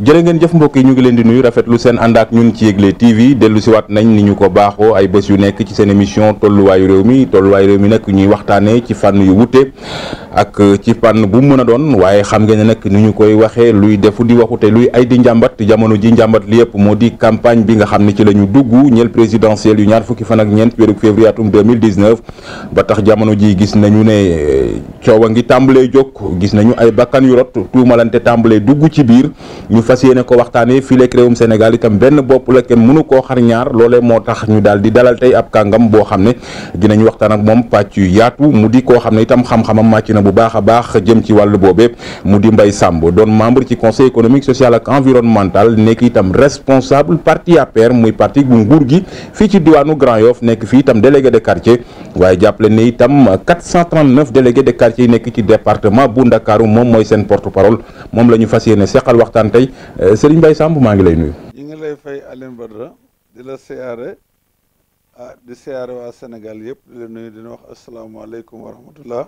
jërë ngeen jëf mbokk yi ñu ngi leen di nuyu rafetlu seen ànd ak ñun ci Yegle TV dellu si waat nañ ni ñu ko baaxoo ay bés yu nekk ci seen émission tolluwaayu réew mi tolluwaayu réew nag ñuy waxtaanee ci fànn yu wute ak ci fànn bu mu mën a doon waaye xam ngeen ne nag ni ñu koy waxee luy defu di waxute luy ay di njàmbat jamono ji njàmbat li yëpp moo di campagne bi nga xam ne ci la ñu dugg ñeel présidentielle yu ñaar fukki fan ak ñeent weeru février atum 2019 ba tax jamono ji gis nañu ne coow a ngi tàmbalee jóg gis nañu ay bakkan yu rot tuumalante tàmbalee dugg ci biir fas yéene ko waxtaanee fii leeg réewum Sénégal itam benn bopp la kenn mënu koo xar ñaar loolee moo tax ñu daal di dalal tey ab kàngam boo xam ne dinañ waxtaan ak moom pàcc yu yaatu mu di koo xam ne itam xam-xamam màcc na bu baax a baax jëm ci wàllu boobee mu di Mbaye Samb doon membre ci conseil économique social ak environnemental nekk itam responsable parti APR muy parti bu nguur gi fii ci diwaanu Grand Yoff nekk fii itam délégué de quartier waaye jàppale ne itam 439 délégués de quartier yi nekk ci département bu Ndakaaru moom mooy seen porte parole moom la ñu fas yéene seqal waxtaan tey euh, Serigne Mbaye Samb maa ngi lay nuyu. ñu ngi lay fay Alioune di la siyaare ah, di siyaare waa Sénégal yëpp di la nuyu dina wax asalaamaaleykum wa rahmatullah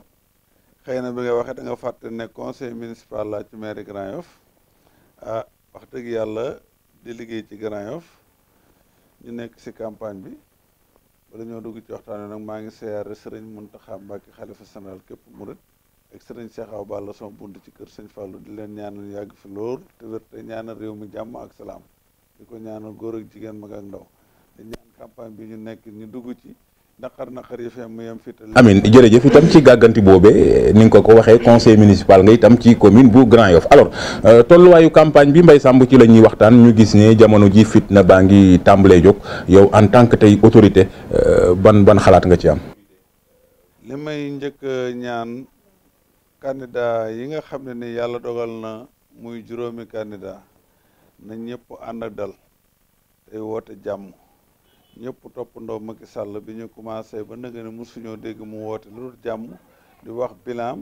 xëy na bi nga waxee da nga fàtte ne conseil municipal la ci mairie Grand Yoff ah wax dëgg yàlla di liggéey ci Grand Yoff ñu nekk ci campagne bi. wala ñoo dugg ci waxtaan wi nag maa ngi siyaare sëriñ Muntaxa Mbàkke xalifa général képp murit ak sëriñ Cheikh Awa Balla sama bunt ci kër sëñ Fallou di leen ñaanal yàgg fi lool te wér te ñaanal réew mi jàmm ak salaam di ko ñaanal góor ak jigéen mag ak ndaw te ñaan campagne bi ñu nekk ñu dugg ci amin jërëjëf itam ci gàgganti boobee ni nga ko ko conseil municipal nga itam ci commune bu Grand Yoff alors euh, ayu campagne bi Mbaye Samb ci la ñuy waxtaan ñu gis ne jamono ji fitna baa ngi tàmbalee yow en tant que autorité euh, ban ban xalaat nga ci am nyan may njëkk ñaan candidat yi nga xam ni yàlla dogal na muy juróomi candidat na ñëpp ànd ak ñëpp toppandoo Macky Sall bi ñu commencé ba nga ne suñoo dégg mu woote lu dul jàmm di wax bilaam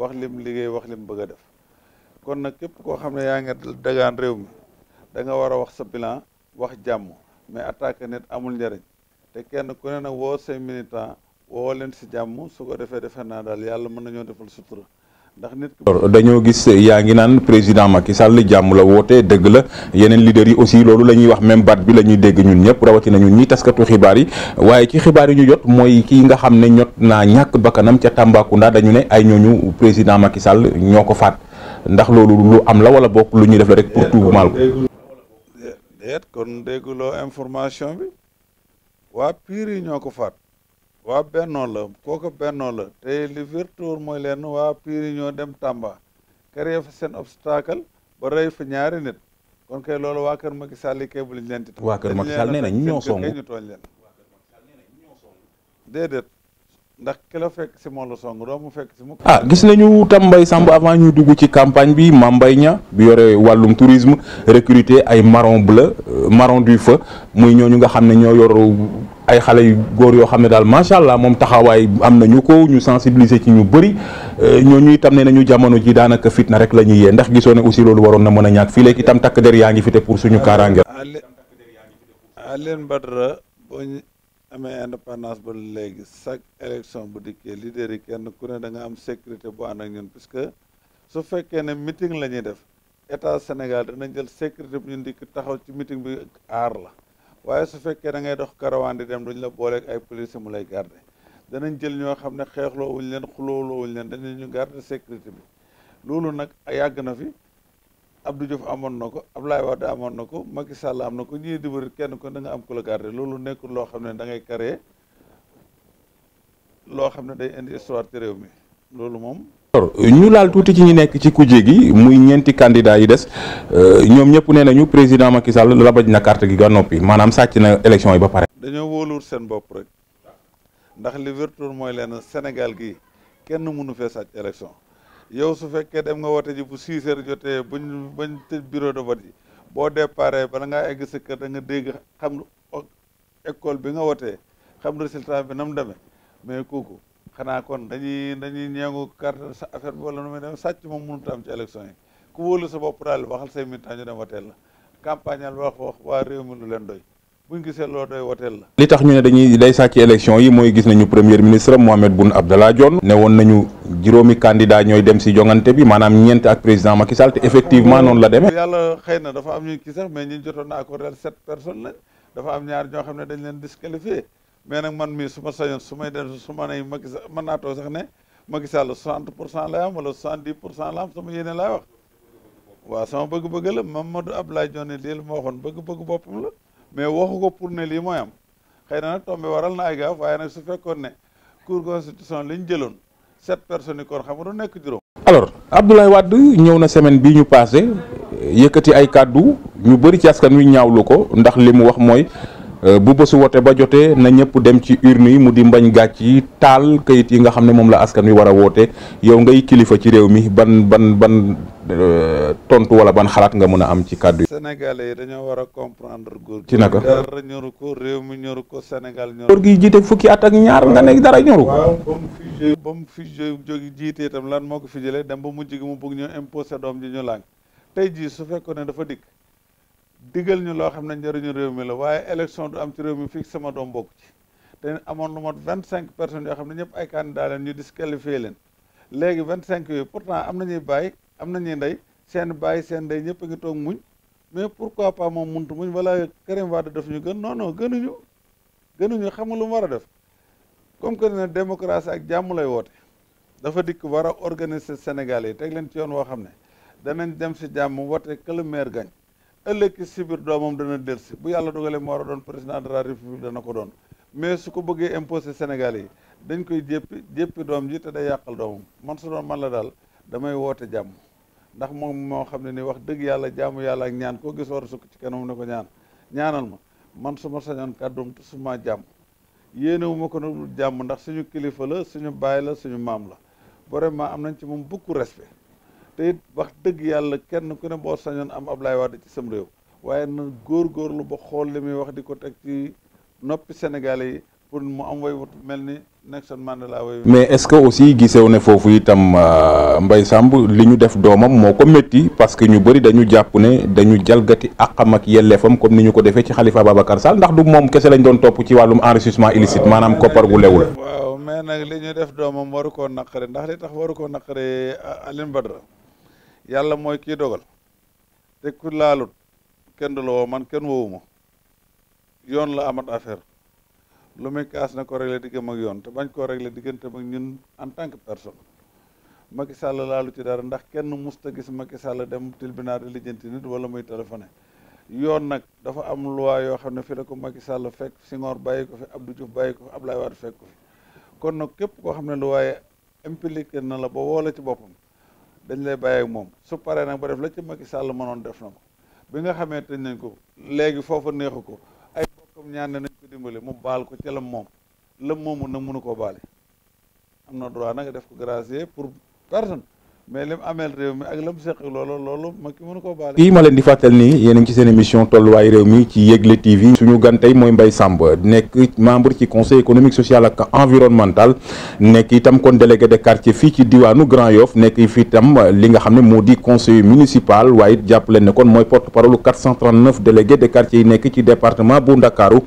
wax lim liggéey wax lim bëgg a def kon nag képp koo xam ne yaa ngi dagaan réew mi da nga war a wax sa bilan wax jàmm mais attaquer nit amul njariñ te kenn ku ne nag woo say militant woo leen si jàmm su ko defee defee naa daal yàlla mën nañoo defal sutura Dah gis eh, yaa ngi naan président Macky Sall jàmm la woote dëgg la yeneen leaders yi aussi loolu la ñuy wax même baat bi waiki ñuy dégg ñun ñëpp rawatina ñun ñi taskatu xibaar yi waaye ci xibaar yi ñu jot mooy kii nga xam ñot naa ñàkk bakkanam ca Tambacounda dañu ne ay ñooñu président Macky Sall faat ndax lu am la wala bokk lu ñuy def la rek pour tout mal ko kon information bi waa Pire faat waa bennoo la kooku bennoo la te li mooy leen waa piir ñoo dem Tamba créé fa seen obstacle ba rey fa ñaari nit kon kay loolu waa kër Macky Sall yi kay bu liñ leen di waa kër Macky Sall nee na ñoo songu ñu leen déedéet ndax ki fekk si moo la song doo mu fekk si mu. ah gis nañu tam Mbaye Samb avant ñuy dugg ci campagne bi Mame Mbaye Niang bi yore wàllum tourisme recruter ay maron bleu euh, maron du fa muy ñooñu nga xam ne ñoo yor ay xale yu góor yoo xam ne daal macha allah moom taxawaay am nañu ko ñu sensibiliser ci ñu bëri euh, ñooñu itam ne nañu jamono ji daanaka fitna rek la ñuy yee ndax gisoo ne aussi loolu waroon na mën a ñàkk fii léegi itam takk der yaa pour suñu indépendance ba élection bu leader yi kenn ku da nga am sécurité bu ak ñun puisque su meeting la def état Sénégal dana jël sécurité bu ñu taxaw ci meeting bi la. waaye su fekkee dangay dox karawaan di dem duñ la booleeg ay police mu lay garde danañ jël ñoo xam ne xeexloo wuñ leen xulooloo wuñ leen danañ ñu garde sécurité bi loolu nag yàgg na fi ab Abdou jëf amoon na ko Abdoulaye Wade amoon na ko Macky Sall am na ko ñii di wër kenn ko da am ku la garde loolu nekkul loo xam ne dangay ngay loo xam ne day indi histoire ci réew mi loolu moom ñu laal tuuti ci ñu nekk ci kuje gi muy ñeenti candidat yi des euh, ñoom ñëpp nee ñu président Macky Sall rabaj na carte gi ga noppi maanaam sàcc na élection yi ba pare. dañoo wóoluwul seen bopp rek ndax li wértoon mooy leen Sénégal gi kenn mënu fee sàcc élection yow su fekkee dem nga woote ji bu 6 heures jotee bañ bañ tëj bureau de vote yi boo déparé bala ngaa egg sa kër da nga dégg xam école bi nga wootee xam résultat bi na mu demee mais kooku. xanaa kon dañuy dañuy ñeengu carte sa affaire bi wala nu muy dem sàcc moom mënut am ci élection yi ku wóolu sa bopp daal waxal say militants ñu dem wateel la campagne al wax wax waa réew mi lu leen doy buñ gisee loo doy wateel la. li tax ñu ne dañuy day sàcc élection yi mooy gis nañu premier ministre Mohamed Boun Abdallah Dionne. ne woon nañu juróomi candidat ñooy dem si jongante bi maanaam ñeent ak président Macky Sall te effectivement noonu la deme yàlla xëy na dafa am ñu kii sax mais ñi am ñaar ñoo xam ne dañ leen disqualifié. mais nag man mii su ma sañoon su may dem su ma nee Macky Sall mën naa sax ne Macky Sall 60 pour cent lay am wala 70 pour cent la am sama yéene laay wax waaw sama bëgg-bëgg la Mamadou Abdoulaye Dione lii la ma waxoon bëgg-bëgg boppam la mais waxu ko pour ne lii mooy am xëy na nag tombé waral na ay gaaf waaye nag su fekkoon ne cour constitution li ñu jëloon sept personnes yi kon xam nga du nekk juróom. alors Abdoulaye Wade ñëw na semaine bii ñu passé yëkkati ay kàddu ñu bëri ci askan wi ñaawlu ko ndax li mu wax mooy. Euh, bu bëssu woté ba joté na ñëpp dem ci urne yi mu di mbañ gatch yi tal kayit yi nga xam mom la askan wi wara woté yow ngay kilifa ci réew mi ban ban ban euh, tontu wala ban xalaat nga mëna am ci kàddu yi. Sénégalais yi dañu wara comprendre góor ci naka dara ñoru ko réew mi ñoru ko Sénégal ñoru ko. gi jité fukki at ak ñaar nga nek dara ñoru ko. bam ba bam fi jité tam lan moko ko dem ba mujj gi mu bëgg ñu imposé doom ji ñu làng tay ji su fekkone dafa dik digel ñu lo xamna ne njëriñu réew mi la waye élection du am ci réew mi fii sama doom bokk ci te amoon lu mot vingt personnes yo xamna ne ñëpp ay candidat leen ñu disqualifier leen léegi 25 cinq pourtant amna ñuy bay amna nañuy ndey seen bay seen ndey ñëpp a ngi toog muñ mais pourquoi pas moom muntu muñ wala Karim Wade def ñu gën non non gënuñu gënuñu xamul lu wara def comme que na démocratie ak jamm lay woote dafa dik wara organiser sénégalais yi teg ci yoon wo xam dañ danañ dem ci jamm wote que le maire gagne ëllëg si biir doomam dana delsi bu yàlla dogalee mu war a doon président de la république dana ko doon mais su ko bëggee imposé Sénégal yi dañ koy jéppi jéppi doom ji te day yàqal doomam man su doon man la daal damay woote jàmm ndax moom moo xam ne ni wax dëgg yàlla jaamu yàlla ak ñaan koo gisoor su a sukk ci kanam ne ko ñaan ñaanal ma man suma ma sañoon kàddum te su jàmm yéenewu ma ko nu jàmm ndax suñu kilifa la suñu baay la suñu maam la vraiment am nañ ci moom beaucoup respect te it wax dëgg yàlla kenn ku ne boo sañoon am ab Ablaye Wade ci sam réew waaye na góorgóorlu ba xool li muy wax di ko teg ci noppi Sénégalais yi pour mu am way wut mel ni Nelson Mandela way mais est-ce que aussi gisew ne foofu itam euh, Mbaye Samb li ñu def doomam moo ko métti parce que ñu bëri dañu jàpp ne dañu jalgati àqam ak yelleefam comme ni ñu ko defee ci Khalifa Ababacar Sall ndax du moom kese lañ doon topp ci wàllum enrichissement illicite maanaam koppar gu lewul waaw def doomam waru koo naqare ndax li tax waru koo naqare euh, Alioune Badara yàlla mooy kii dogal te ku laalut kenn du la woo man kenn wowuma yoon la amat affaire lu muy kaas na ko réglé diggam mag yoon te bañ koo réglé diggante ak ñun en tant que personne Macky Sall laalu ci dara ndax kenn musta gis Macky Sall dem tribunal di lijjanti nit wala muy téléphoné yoon nag dafa am loi yoo xam ne fi la ko Macky Sall fekk Senghor bàyyi ko fi Abdou Diouf bàyyi ko fi Abdoulaye Wade ko kon nag képp koo xam ne loi impliqué na la ba woo ci boppam dañ lay bàyyi moom su paree nag ba def la ci Macky Sall mënoon def na ko bi nga xamee tëj nañ ko léegi foofa neexu ko ay bokkam ñaan nañ ko dimbale mu baal ko ci lam moom lam moomu nag mënu koo baale am na droit nag def ko gracier pour personne mais lim ameel réew mi ak lam seq ma ki mënu koo baale. ma leen di fàttali a ci émission tolluwaay réew mi ci Yegle TV. suñu nekk membre ci conseil économique social et environnemental nekk itam kon délégué de quartier fii ci diwaanu Grand Yoff nekk fii itam li nga conseil municipal waaye it jàpp ne kon mooy porte parole 439 délégué de quartier yi nekk département bu Ndakaaru.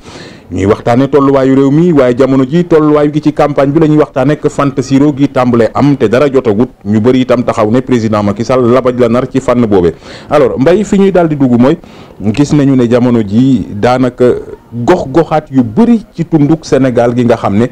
ñuy waxtaane tolluwaayu réew mi waaye jamono ji tolluwaay gi ci campagne bi la ñuy waxtaane ak gi tàmbale am te dara jotagut ñu bëri itam taxaw ne président Macky Sall labaj la nar ci fànn boobe alors mbay fi ñuy daal di dugg mooy gis nañu ne jamono ji daanaka gox goxaat yu bëri ci tunduk Sénégal gi nga xam ne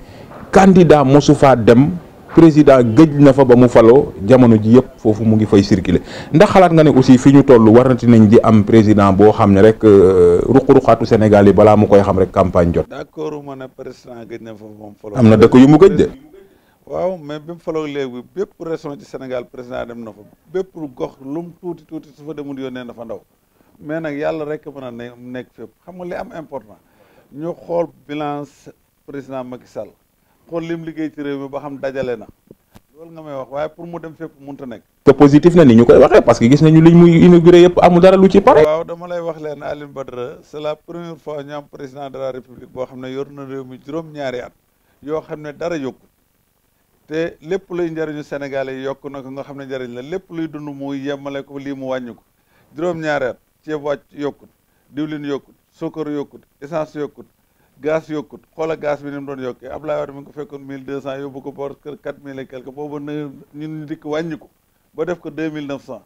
candidat mosu faa dem président gëj na fa ba mu falo jamono ji yëpp foofu mu ngi fay circuler ndax xalaat nga ne aussi fi ñu toll warante nañ ji am président boo xam ne rek euh, ruq-ruqaatu Sénégal yi balaa mu koy xam rek campagne jot. d'accord ma ne président gëj na moom faloo. am na dëkk yu mu gëj de. waaw mais bi mu faloo léegi bépp région ci Sénégal président dem na fa bépp gox lu mu tuuti tuuti su fa demul yónnee na fa ndaw mais nag yàlla rek mën a nekk fépp xam nga am important ñu xool bilan président Macky Sall. xool lim liggéey ci réew mi ba xam dajale na loolu nga may wax waaye pour mu dem fépp munta nekk te positif na ni ñu koy waxee parce que gis nañu liñ muy inauguré yëpp amul dara lu ci pare waaw dama lay wax leen Alioune Badara c'est la première fois ñu am président de la république boo xam ne yor na réew mi juróom-ñaari at yoo xam ne dara yokku te lépp luy njariñu sénégal yi yokk na ko nga xam ne njariñ la lépp luy dund mu yemale ko lii mu wàññi ko juróom-ñaari at ceeb wàcc yokkut diwlin yokkut suukar yokkut essence yokkut gaz yokkut xoola gaz bi ni mu doon yokkee Ablaye Wade mi ngi ko fekkoon mille deux cent yóbbu ko boor kër quatre mille et quelque boobu na ñun dikk wàññi ko ba def ko deux mille neuf cent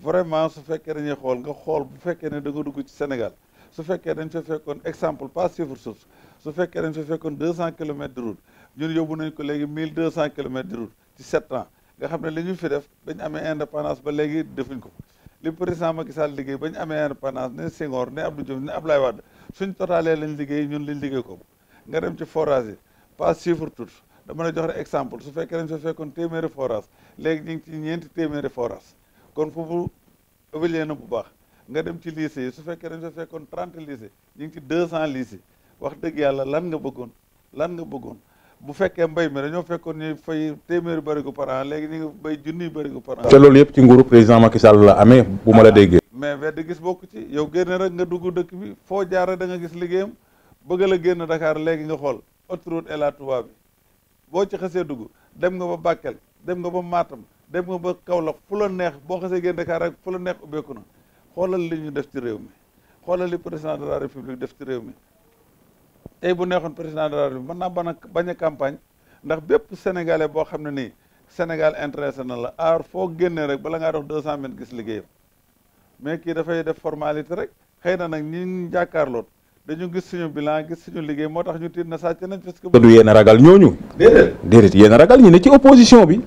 vraiment su fekkee dañuy xool nga xool bu fekkee ne da nga dugg ci Sénégal su fekkee dañ fa fekkoon exemple pas chiffre source su fekkee dañ fa fekkoon deux cent kilomètres de route ñun yóbbu nañ ko léegi mille deux cent kilomètres de route ci sept ans nga xam ne li ñu fi def dañ amee indépendance ba léegi defuñ ko li président Macky Sall liggéey ba ñu amee indépendance ne Senghor ne Abdou Diouf ne Abdoulaye Wade suñ totalee lañ liggéey ñun liñ liggéey ko nga dem ci forage yi pas chiffre tout dama la jox rek exemple su fekkee dañ fa fekkoon téeméeri forage léegi ñu ngi ci ñeenti téeméeri forage kon foofu évolué na bu baax nga dem ci lycée su fekkee dañ fa fekkoon trente lycée ñu ci deux cent lycée wax dëgg yàlla lan nga bëggoon lan nga bëggoon bu fekkee mbay mi dañoo fekkoon ñu fay téeméeri bari par an léegi ñu ngi bay junniy barigo par an. te loolu yëpp ci nguuru président Macky Sall la bu ma la ah, déggee. mais wedd gis bokk ci yow génne rek nga dugg dëkk bi foo jaar da nga gis liggéeyam bëgg la génn Dakar léegi nga xool autoroute Ila Touba bi boo ci xasee dugg dem nga ba Bakel dem nga ba maatam dem nga ba Kaolack fu la neex boo xasee génn Dakar rek fu la neex ubbeeku na xoolal li ñu def ci réew mi xoolal li président de la république def ci réew mi tey bu neexoon président de la République mën naa a bañ a campagne ndax bépp sénégalais boo xam ne ni Sénégal intéressé na la aar foo génnee rek bala ngaa dox deux cent mètres gis liggéeyam mais kii dafay def formalité rek xay na nag ñi jàkkaarloot dañu gis suñu bilan gis suñu liggéey moo tax ñu tiit na sàcc nañ parce que. du yéen a ragal ñooñu. déedéet déedéet yéen a ragal ñi ne ci opposition bi.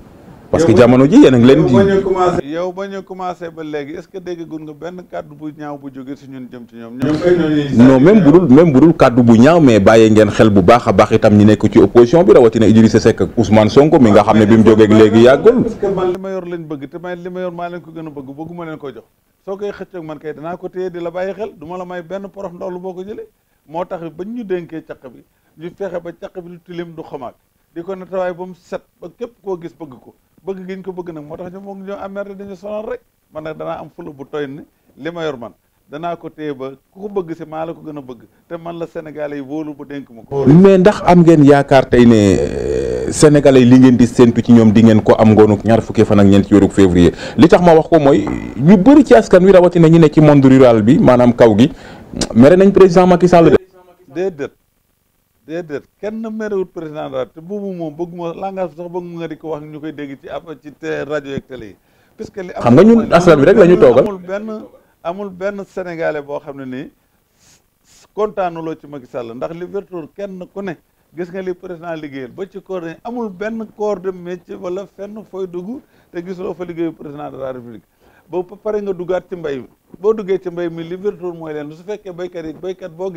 parce que jamono ji yéen a ngi leen di. yow ba ñu commencé ba léegi est-ce que dégg gun nga benn kàddu bu ñaaw bu jóge si ñun jëm ci ñoom. ñoom non même bu dul même bu dul kàddu bu ñaaw mais bàyyee ngeen xel bu baax a baax itam ñi nekk ci opposition bi rawatina Idrissa Seck ak Ousmane Sonko mi nga xam ne bi mu jógeeg léegi yàggul. parce ma yor lañ bëgg te man li ma yor maa leen ko gën bëgg bëgguma leen ko jox soo koy xëccoog man kay danaa ko téye di la bàyyi xel du ma la may benn porof ndaw lu boo ko jëlee moo tax bañ ñu ñu fexe ba caq bi lu tilim du ko natawaay ba mu set képp koo gis bëgg ko bëgg giñ ko bëgg nag moo tax ñu moom ñoo amer dañu sonal rek man nag am fula bu toy ni li ma yor man danaa ko ba ku ko bëgg si maa la ko gën a bëgg te man la sénégalais yi wóolu bu dénk ma ko mee ndax am ngeen yaakaar tey ne euh, sénégalais yi li ngeen di séntu ci ñoom di ngeen ko am ngoonu ñaar fukkee fan ak ñeent ci weeru février li tax ma wax ko mooy ñu bëri ci askan wi rawatina ñu ne ci monde rural bi maanaam kaw gi mere nañ président Macky Sall de déedéet déedéet kenn merewut président de te boobu moom bëgguma langage sax bëgg nga di ko wax ñu koy dégg ci ab ci rajo yeeg télé yi. puisque li xam nga ñun askan bi rek ñu toogal amul benn amul benn sénégalais boo xam ne nii kontaanuloo ci Macky Sall ndax li vertour kenn ku ne gis nga li président liggéeyal ba ci corps amul benn corps de métier wala fenn fooy dugg te gisuloo fa liggéeyu président de la république ba pare nga duggaat ci mbay boo duggee ci mbay mi li vertour mooy leen su fekkee béykat yi béykat boo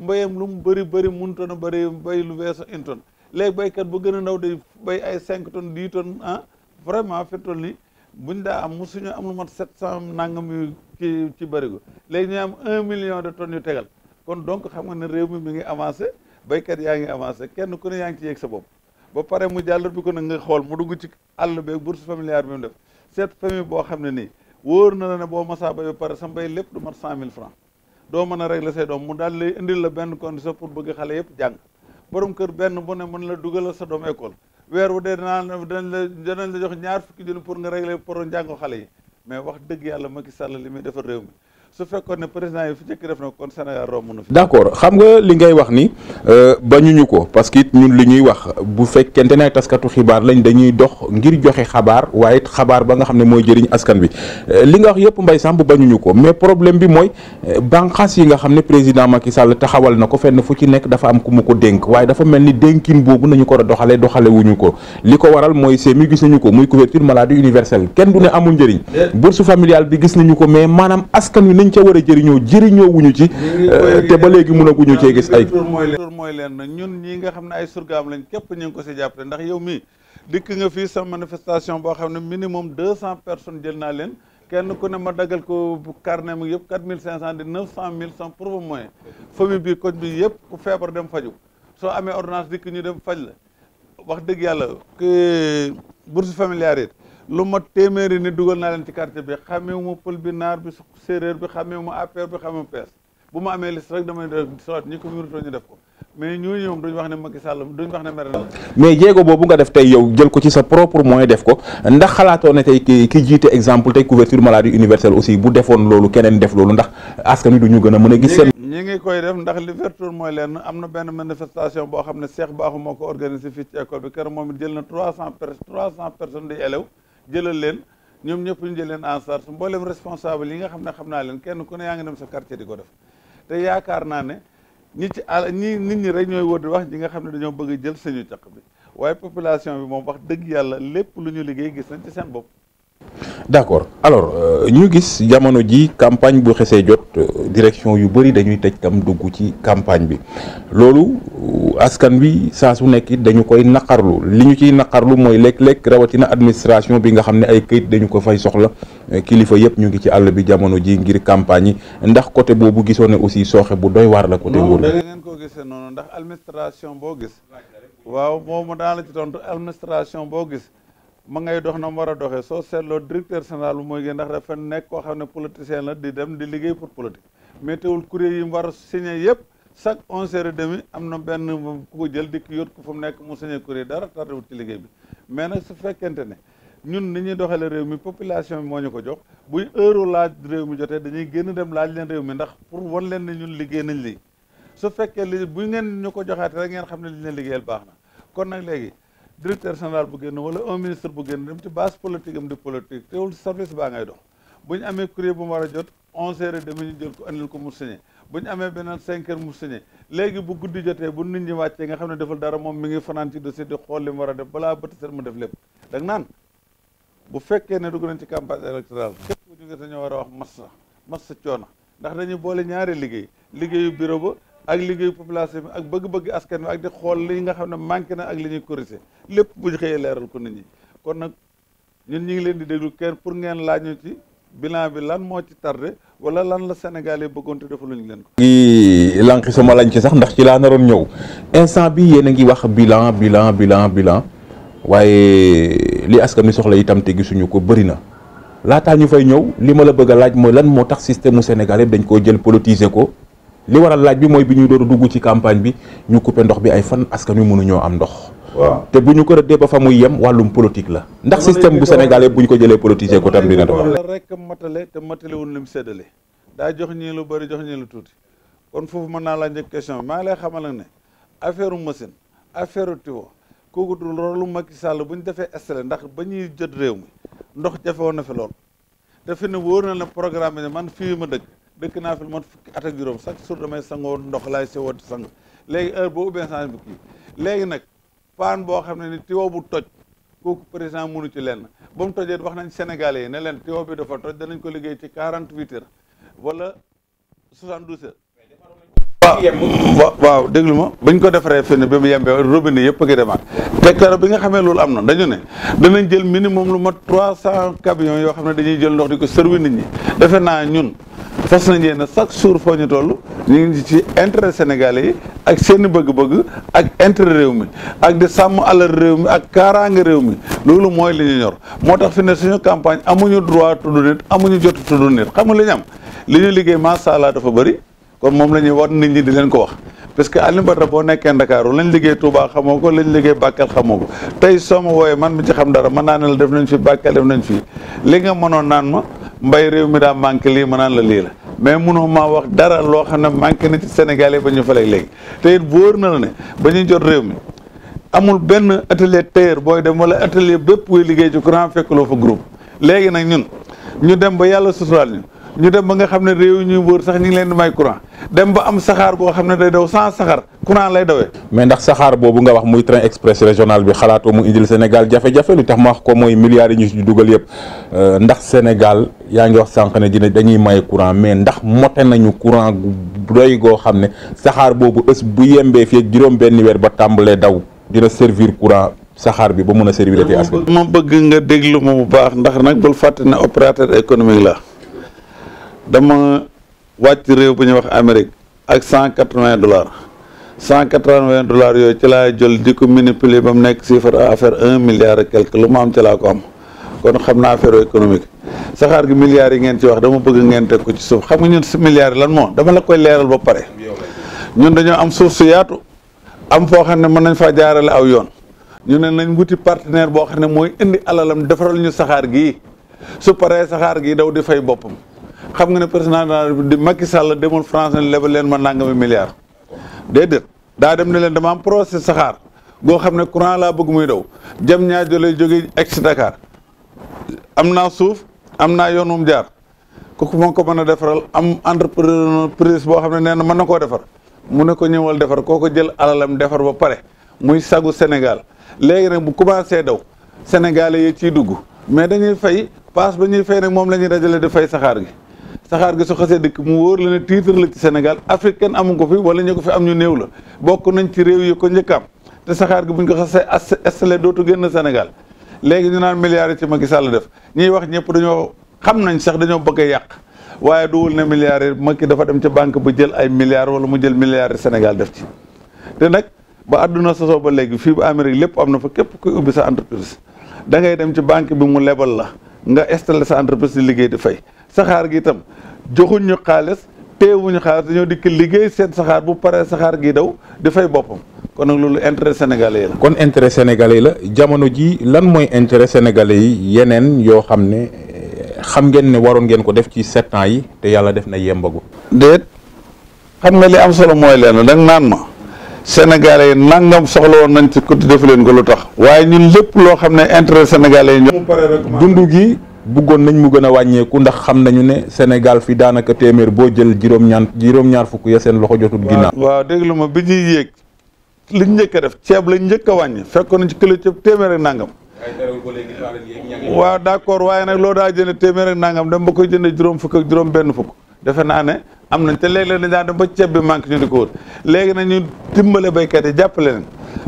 mbayam lu mu bëri bëri mun ton a bëri bay lu weesu une tonne léegi béykat bu gën a ndaw day bay ay cinq tonnes dix tonnes ah vraiment fi toll ni buñ daa am musuñu am lu mat sept cent nangam yu ci bari bërigo léegi ñu am un million de tonnes yu tegal kon donc xam nga ne réew mi mi ngi avancé béykat yaa ngi avancé kenn ku ne yaa ngi ci yegg sa bopp ba pare mu jàllat bi ko nag nga xool mu dugg ci àll beeg bourse familiale bi mu def cette famille boo xam ne nii wóor na la ne boo masaa bay ba pare sa mbay lépp du mat mille francs doo mën a régler say doom mu daal lay indi la benn condition pour bëgg xale yëpp jàng borom kër benn bu ne mën la dugalal sa doom école weer wu de dinaa da la dinañ jox ñaar fukki junni pour nga régler pour njàngu xale yi mais wax dëgg yàlla Macky Sall li muy defar réew mi su fekkoon ne xam nga li ngay wax ni euh, bañuñu ko parce que ñun li ñuy wax bu fekkente ne taskatu xibaar lañ dañuy dox ngir joxe xabaar waaye xabaar ba nga xam ne mooy jëriñ askan bi euh, li nga wax yëpp mbay Samb bañuñu ko mais problème bi mooy euh, banqaas yi nga xam ne président Macky Sall taxawal na ko fenn fu ci nekk dafa am ku mu ko dénk waaye dafa mel ni dénkin boobu nañu ko war doxalee doxale wuñu ko li ko waral mooy semi gis nañu ko muy couverture maladie universelle kenn du ne amul lañ ca war a jëriñoo ci eh, te ba léegi mun a guñu cee gis ay loolu mooy leen na ñun ñi nga xam ne ay surgaam lañ képp ñu ngi ko si jàppale ndax yow mii dikk nga fii sa manifestation boo xam ne minimum deux cent personnes jël naa leen kenn ku ne ma dagal ko carnet mi yëpp quatre mille cinq cent di neuf cent mille sans propre moyen famille bi koñ bi yëpp ku feebar dem faju soo amee ordonnance dikk ñu dem faj la wax dëgg yàlla bourse familiale yi lu ma téeméeri ni dugal naa leen ci quartier bi xamewu ma pël bi naar bi séeréer bi xamewu ma APR bi xamewu PS bu ma amee liste rek damay soit ñi ko mérito ñu def ko mais ñooñu wax ne Macky Sall duñ mais jéego boobu nga def tey yow jël ko ci sa propre moyen def ko ndax xalaatoo ne tey ki ki jiite exemple tey couverture maladie universelle aussi bu defoon loolu keneen def loolu ndax askan wi duñu gën a mën a gis seen ñi ngi koy def ndax l'ouverture mooy leen am na benn manifestation boo xam ne Cheikh Baaxu moo ko organisé fii ci école bi keroog na trois cent personnes trois cent personnes jëlal leen ñoom ñëpp ñu jël leen en charge mboolem responsable yi nga xam ne xam naa leen kenn ku ne yaa ngi dem sa quartier di ko def te yaakaar naa ne ñi ci àll ñi nit ñi rek ñooy wër di wax ñi nga xam ne dañoo bëgg jël sañu caq bi waaye population bi moom wax dëgg yàlla lépp lu ñu liggéey gis nañ ci seen bopp d'accord alors nous euh, gis que la campagne de euh, direction yu de dañuy tam campagne bi loolu euh, askan wi su nous dañu koy nous administration bi nga xam de nous dañu ko fay soxla kilifa nous ñu ngi ci campagne côté aussi nous bu doy la côté administration administration ma ngay dox na mu war a doxee soo seetloo directeur général bu mooy gën ndax dafa nekk koo xam ne politicien la di dem di liggéey pour politique mais teewul kuréel yi mu war a signé yëpp chaque onze heures et demi am na benn ku ko jël dikk yót ko fu mu nekk mu signé kuréel dara tardewut ci liggéey bi mais nag su fekkente ne ñun ni ñuy doxalee réew mi population bi moo ñu ko jox buy heure laaj réew mi jotee dañuy génn dem laaj leen réew mi ndax pour wan leen ne ñun liggéey nañ lii su fekkee li bu ñu ko joxaate rek ngeen xam ne li ñu leen liggéeyal baax na kon nag léegi directeur général bu génn wala un ministre bu génn dem ci base politique am di politique teewul service baa ngay dox bu ñu amee courrier bu mu war a jot onze heures et demi ñu jël ko andil ko mu signé bu ñu amee beneen cinq mu signé léegi bu guddi jotee bu nit ñi wàcce nga xam ne deful dara moom mi ngi fanaan ci dossier di xool mu war a def balaa bët set mu def lépp dag naan bu fekkee ne dugg nañ ci campagne électorale képp ku ñu ngi dañoo war a wax massa massa coono ndax dañuy boole ñaari liggéey liggéeyu bureau ba ak liggéey population bi ak bëgg-bëgg askan bi ak di xool li nga xam ne manqué na ak li ñuy corriger lépp bu ñu xëyee leeral ko nit ñi kon nag ñun ñu ngi leen di déglu kenn pour ngeen laaj ci bilan bi lan moo ci tardé wala lan la Sénégal bëggoonte bëggoon te ñu leen ko. ngi lànq sama lañ ci sax ndax ci laa naroon ñëw instant bi yéen a ngi wax bilan bilan bilan bilan waaye li askan bi soxla itam te gisuñu ko bëri na. laataa ñu fay ñëw li ma la bëgg a laaj mooy lan moo tax système mu Sénégal yëpp dañ koo jël politiser ko. li waral laaj bi mooy bi ñuy doon dugg ci campagne bi ñu coupé ndox bi ay fan askan wi mënuñoo am waaw te bu ñu ko rëddee ba fa muy yem wàllum politique la. ndax système bu Sénégal yëpp bu ñu ko jëlee politisé ko tam dina doon. rek matale te matale wuñ lim séddale daa jox ñii lu bëri jox ñii lu tuuti kon foofu mën naa laa njëkk question maa ngi lay xamal ne affaire machine affaire tiwo kooku du loolu Macky Sall bu ñu defee installé ndax ba ñuy jël réew mi ndox woon na fi lool te fi ne wóor na ne programme bi man fii ma dëkk dëkk naa fi lu mot fukki at ak juróom chaque jour damay sangoo ndox laay sewati sang léegi heure boo ubbee change léegi nag paan boo xam ne ni tiwo bu toj kooku président mënu ci lenn ba mu tojee wax nañ Sénégalais yi ne leen tiwo bi dafa toj danañ ko liggéey ci quarante huit heures wala soixante douze heures waaw waaw déglu ma bañ ko defaree fenn bi mu yembee robinet yëpp a ngi demaat te bi nga xamee loolu am na dañu ne danañ jël minimum lu mat trois cent camions yoo xam ne dañuy jël ndox di ko servi nit ñi defe naa ñun fas nañ yéen na chaque jour foo ñu toll ñu ngi ci intérêt sénégal yi ak seen bëgg-bëgg ak intérêt réew mi ak di sàmm alal réew mi ak kaaraange réew mi loolu mooy li ñu ñor moo tax fi ne suñu campagne amuñu droit tudd nit amuñu jot tudd nit xam nga li ñu am li ñu liggéey macha allah dafa bëri kon moom la ñuy war nit ñi di leen ko wax. parce que Alioune Badara boo nekkee Ndakaaru lañ liggéey Touba xamoo ko lañ liggéey Bakel xamoo ko tey soo ma wooyee man mi ci xam dara mën naa ne nañ fi Bakel def nañ fi li nga mënoon naan ma mbay réew mi daa manqué lii ma naan la lii la mais mënoo maa wax dara loo xam ne manqué na ci ba ñu falee léegi te it wóor na la ne ba ñuy jot réew mi amul benn atelier tailleur booy dem wala atelier bépp buy liggéey ci courant fekk loo fa groupe léegi nag ñun ñu dem ba yàlla suturaal ñu ñu dem ba nga xamne rew ñu wër sax ñi leen may courant dem ba am saxar bo xamne day daw sans saxar courant lay dawee. mais ndax saxar bobu nga wax muy train express régional bi xalaato mu indil Sénégal jafe-jafe lu tax ma wax ko moy milliards ñu ci duggal yépp euh, ndax Sénégal ya nga wax sank ne dina dañuy may courant mais ndax moté nañu courant gu doy go xamne saxar bobu eus bu yembé fi ak benn wër ba tambalé daw dina servir courant. sahar bi ba mën servir fi askan. mo bëgg nga déglu ma bu baax ndax nak bu économique la. dama wàcc réew bu ñuy wax Amérique ak cent quatre-vingts dollars cent quatre-vingts dollars yooyu ci laa jël di ko manipuler ba mu nekk chiffre affaire un milliard et quelque lu ma am ca laa ko am kon xam naa affaire économique saxaar gi milliards yi ngeen ci wax dama bëgg ngeen teg ko ci suuf xam nga ñun si milliards yi lan moo dama la koy leeral ba pare ñun dañoo am suuf su yaatu am foo xam ne mën nañ faa jaarale aw yoon ñu ne nañ wuti partenaire boo xam ne mooy indi alalam defaral ñu saxaar gi su pare saxaar gi daw di fay boppam xam nga ne président de Macky Sall demul France ne lebal leen ma nangami milliards déedéet daa dem ne leen dama am saxaar goo xam ne courant laa bëgg muy daw jam ñaar lay jóge ex am naa suuf am naa yoon moom jaar kooku moo ko mën a defaral am entreprise boo xam ne nee na mën na koo defar mu ne ko ñëwal defar koo ko jël alalam defar ba pare muy sagu Sénégal léegi nag bu commencé daw Sénégalais yee ciy dugg mais dañuy fay paas ba ñuy fay nag moom la ñuy dajale di fay saxaar gi saxaar gi su xasee dëkk mu wóor la ne titre la ci Sénégal Afrique kenn amu ko fi wala ñu ko fi am ñu néew la bokk nañ ci réew yi ko njëkk am te saxaar gi buñ ko xasee installé dootu génn Sénégal léegi ñu naan milliards yi ci Macky Sall def ñiy wax ñëpp dañoo xam nañ sax dañoo bëgg a yàq waaye duwul na milliards yi Macky dafa dem ca banque ba jël ay milliards wala mu jël milliards yi Sénégal def ci te nag ba àdduna sosoo ba léegi fii ba Amérique lépp am na fa képp kuy ubbi sa entreprise da ngay dem ci banque bi mu lebal la nga installé sa entreprise di liggéey di fay saxaar gi itam joxuñ ñu xaalis teewuñu xaalis dañoo dikk liggéey seen saxaar bu paree saxaar gi daw dafay fay boppam kon nag loolu intérêt sénégalais la. kon intérêt sénégalais la jamono ji lan mooy intérêt sénégalais yi yeneen yoo xam ne xam ngeen ne waroon ngeen ko def ci sept yi te yàlla def na yembagu. déet xam nga li am solo mooy leen danga naan ma. sénégalais yi nangam soxla woon nañ ci côté defu leen ko lu tax waaye ñun lépp loo xam ne intérêt sénégalais yi ñoom dund gi buggoon nañ mu gën a wàññeeku ndax xam nañu ne Sénégal fi daanaka téeméer boo jël juróom-ñaan juróom-ñaar fukk ya seen loxo jotul ginnaaw waaw déglu ma bi ñuy yéeg liñ njëkk a def ceeb lañ njëkk a wàññi fekkoon nañ ci kilo ceeb téeméer ak nangam waaw d'accord waaye nag loo daa jënd téeméer ak nangam dem ba koy jënd juróom fukk ak juróom benn fukk defe naa ne am nañ te léeg-léeg daan dem ba ceeb bi manque ñu di ko wër léegi na ñu dimbale béykat yi jàppale leen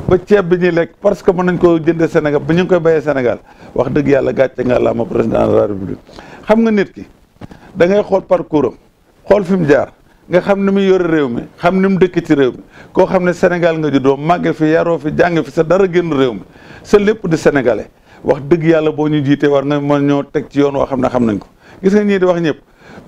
ba ceeb bi ñuy lekk parce que mën nañ koo jënde Sénégal ba ñu ngi koy bayee Sénégal wax dëgg yàlla gàcce nga la président de la république xam nga nit ki da ngay xool parcours am xool fi mu jaar nga xam ni muy yore réew mi xam ni mu dëkk ci réew mi koo xam ne Sénégal nga doom màgge fi yaroo fi jàng fi sa dara génn réew mi sa lépp di sénégalais wax dëgg yàlla boo ñu jiitee war nga moo ñoo teg ci yoon woo xam ne xam nañ ko gis nga ñii di wax ñëpp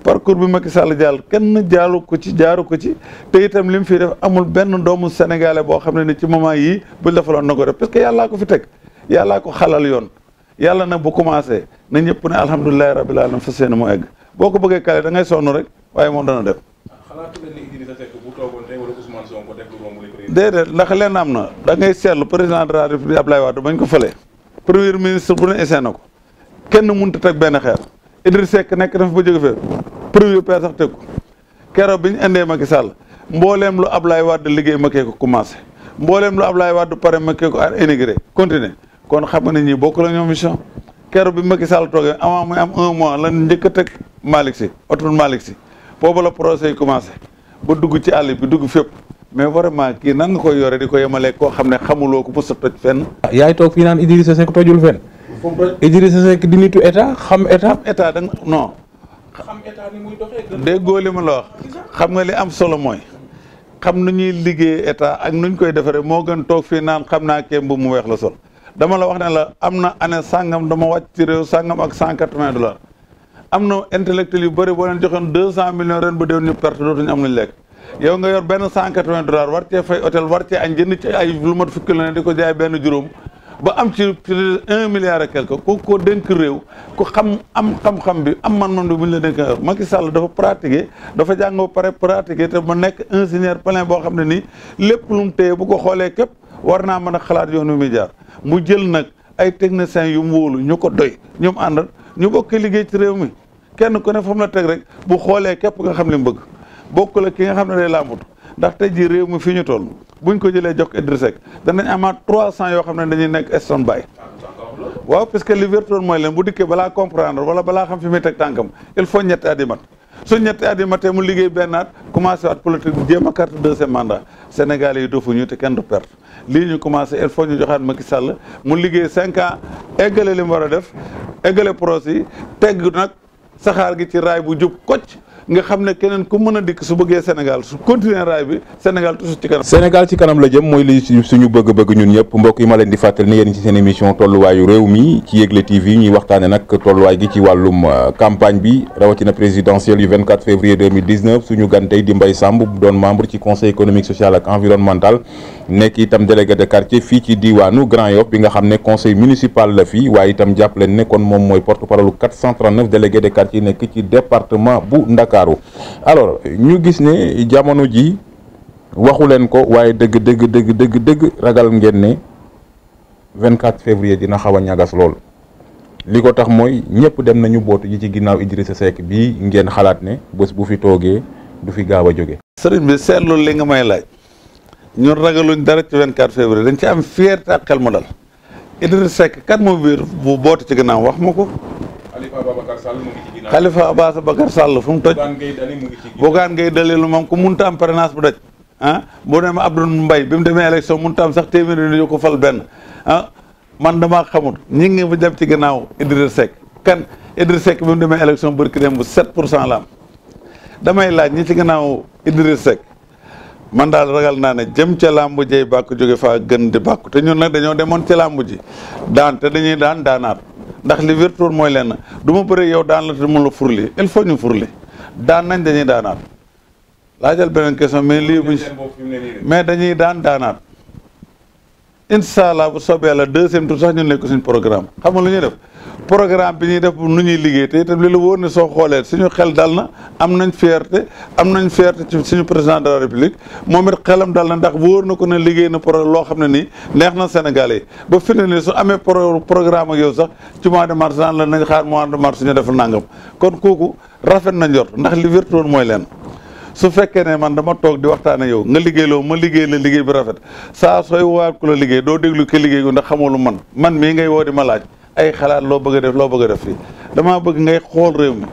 parcours bi Macky Sall jàll kenn jaalu ko ci jaaru ko ci itam li mu fi def amul benn doomu sénégalais boo xam ne ni ci moment yii bu defaloon na ko def parce que yàllaa ko fi teg yàllaa ko xalal yoon yàlla na bu commencé na ñëpp ne alhamdulilahi rabbil na fa seen mu egg boo ko bëggee kale da ngay sonn rek waaye moom dana dem. déedéet ndax leen am na da ngay seetlu président de la république Ablaye Wade bañ ko fële premier ministre bu ne essayé ko kenn mënut a teg benn xeer. Idriss Seck nekk na fa ba jóge fee premier père sax tëkku keroog bi ñu indee Macky Sall mbooleem lu Ablaye Wade liggéey Macky ko commencé mbooleem lu Ablaye Wade pare Macky ko intégré continué kon xam nga ne ñii bokk la ñoom mission keroog bi Macky Sall toogee avant muy am un mois lan njëkk teg Malick Sy otul Malick Sy boobu la procès commencé ba dugg ci àll bi dugg fépp mais vraiment kii nan nga koy yore di ko yemale koo xam ne xamuloo ko bu sa toj fenn. yaay toog fii naan Idrissa Seck tojul fenn. Idrissa Seck di nitu état xam état état da nga non. xam état li ma la wax xam nga li am solo mooy xam nu ñuy liggéey état ak nuñ koy defaree moo gën toog fii naan xam naa kee mbubb mu weex la sol dama la wax ne la am na année sangam dama wàcc ci réew sangam ak cent quatre-vingts dollars am na intellectuel yu bëri boo leen joxoon deux cent millions ren ba déwén ñu perte dootuñu am luñ lekk yow nga yor benn cent quatre-vingts dollars war cee fay hôtel war cee añ jënd ci lu mat fukki ne di ko jaay benn juróom ba am ci plus un milliard et quelque ku ko dénk réew ku xam am xam-xam bi am man-man bi bu ñu la dénk réew Macky Sall dafa pratiquer dafa jàng ba pare pratiquer te mu nekk ingénieur plein boo xam ne nii lépp lu teye téye bu ko xoolee képp war naa mën a xalaat yoon wi muy jaar mu jël nag ay techniciens yu mu wóolu ñu ko doy ñoom àndal ñu bokk liggéey ci réew mi kenn ku ne fa mu la teg rek bu xoolee képp nga xam li mu bëgg bokk la ki nga xam ne day làmbatu ndax tey jii réew mi fi ñu toll buñ ko jëlee jox Idrissa Seck danañ amaat 300 yoo xam ne dañuy nekk stand by waaw parce que li wértoon mooy leen bu dikkee balaa comprendre wala balaa xam fi muy teg tànkam il faut ñett at yi mat su ñetti at mu liggéey benn at commencé waat politique bi jéem a carte deuxième mandat Sénégal yi dofuñu te kenn du perte lii ñu commencé il faut ñu joxaat Macky Sall mu liggéey cinq ans eggale li mu war a def eggale projet tegg nag saxaar gi ci raay bu jub kocc nga xam ne keneen ku mën a dikk su bëggee Sénégal su continuer raay bi Sénégal toujours ci kanam. Sénégal ci kanam la jëm mooy li su suñu bëgg-bëgg ñun ñëpp mbokk yi ma leen di fàttali ni yéen ci seen émission tolluwaayu réew mi ci Yegle TV ñuy waxtaane nag tolluwaay gi ci wàllum euh, campagne bi rawatina présidentielle yu 24 février 2019 suñu gan tey di Mbaye Samb doon membre ci conseil économique social ak environnemental Nek itam délégué de quartier fi ci diwanu Grand yop bi nga xamné conseil municipal la fi way itam jàpp né kon mom moy porte-parole 439 délégué de quartier nek ci département bu dakarou alors ñu gis né jamono ji waxu len ko waye deug deug deug deug deug ragal ngeen né 24 février dina xawa ñagas lool liko tax moy ñepp dem nañu botu ji ci ginnaw Idrissa Seck bi ngeen xalaat né bëss bu fi togué du fi gawa joggé jóge sëriñ bi sétlu li nga may laaj ñun ragaluñ dara ci 24 février dañ ci am fierté ak xel mu dal Idriss Seck kat moo biir bu boot ci ginnaaw wax ma ko. Khalifa Ababacar Sall mu ngi fu mu toj. boo Gueye Dany mu ngi ci ginnaaw Bougane Gueye Dany lu moom bu daj. ah boo demee Abdou Mbaye bi mu demee élection munta am sax téeméeri yu ko fal benn ah man damaa xamut ñi ngi bu jëm ci ginnaaw Idriss Seck kan Idriss Seck bi mu demee élection barki dem bu 7 pour cent la damay laaj ñi ci ginnaaw Idriss Seck. man daal ragal naa ne jëm ca làmb jey bàkk jóge faa gën di bàkku te ñun nag dañoo demoon ci làmb ji daan te dañuy daan daanaat ndax li wértoor mooy lenn du ma bëre yow daan la te mun la furli il faut furli daan nañ dañuy daanaat laajal beneen question mais lii buñ mais dañuy daan daanaat incha allah bu soobee yàlla deuxième tour sax ñun lañ ko suñ programme xam nga lu ñuy def programme bi ñuy def nu ñuy liggéey te itam li la wóor ne soo xoolee suñu xel dal na am nañ fierté am nañ fierté ci suñu président de la république moom it xelam dal na ndax wóor na ko ne liggéey na pro loo xam ne nii neex na sénégal yi ba fi ne nii su amee programme ak yow sax ci mois de mars naan la na xaar mois de mars ñu def nangam kon kooku rafet na njort ndax li wértoon mooy leen su fekkee ne man dama toog di waxtaan ak yow nga liggéeyloo ma liggéey la liggéey bi rafet saa sooy waat ku liggéey doo déglu ki liggéey ndax xamul man man mii ngay woo di ma laaj ay xalaat loo bëgg def loo bëgg a def fii damaa bëgg ngay xool réew mi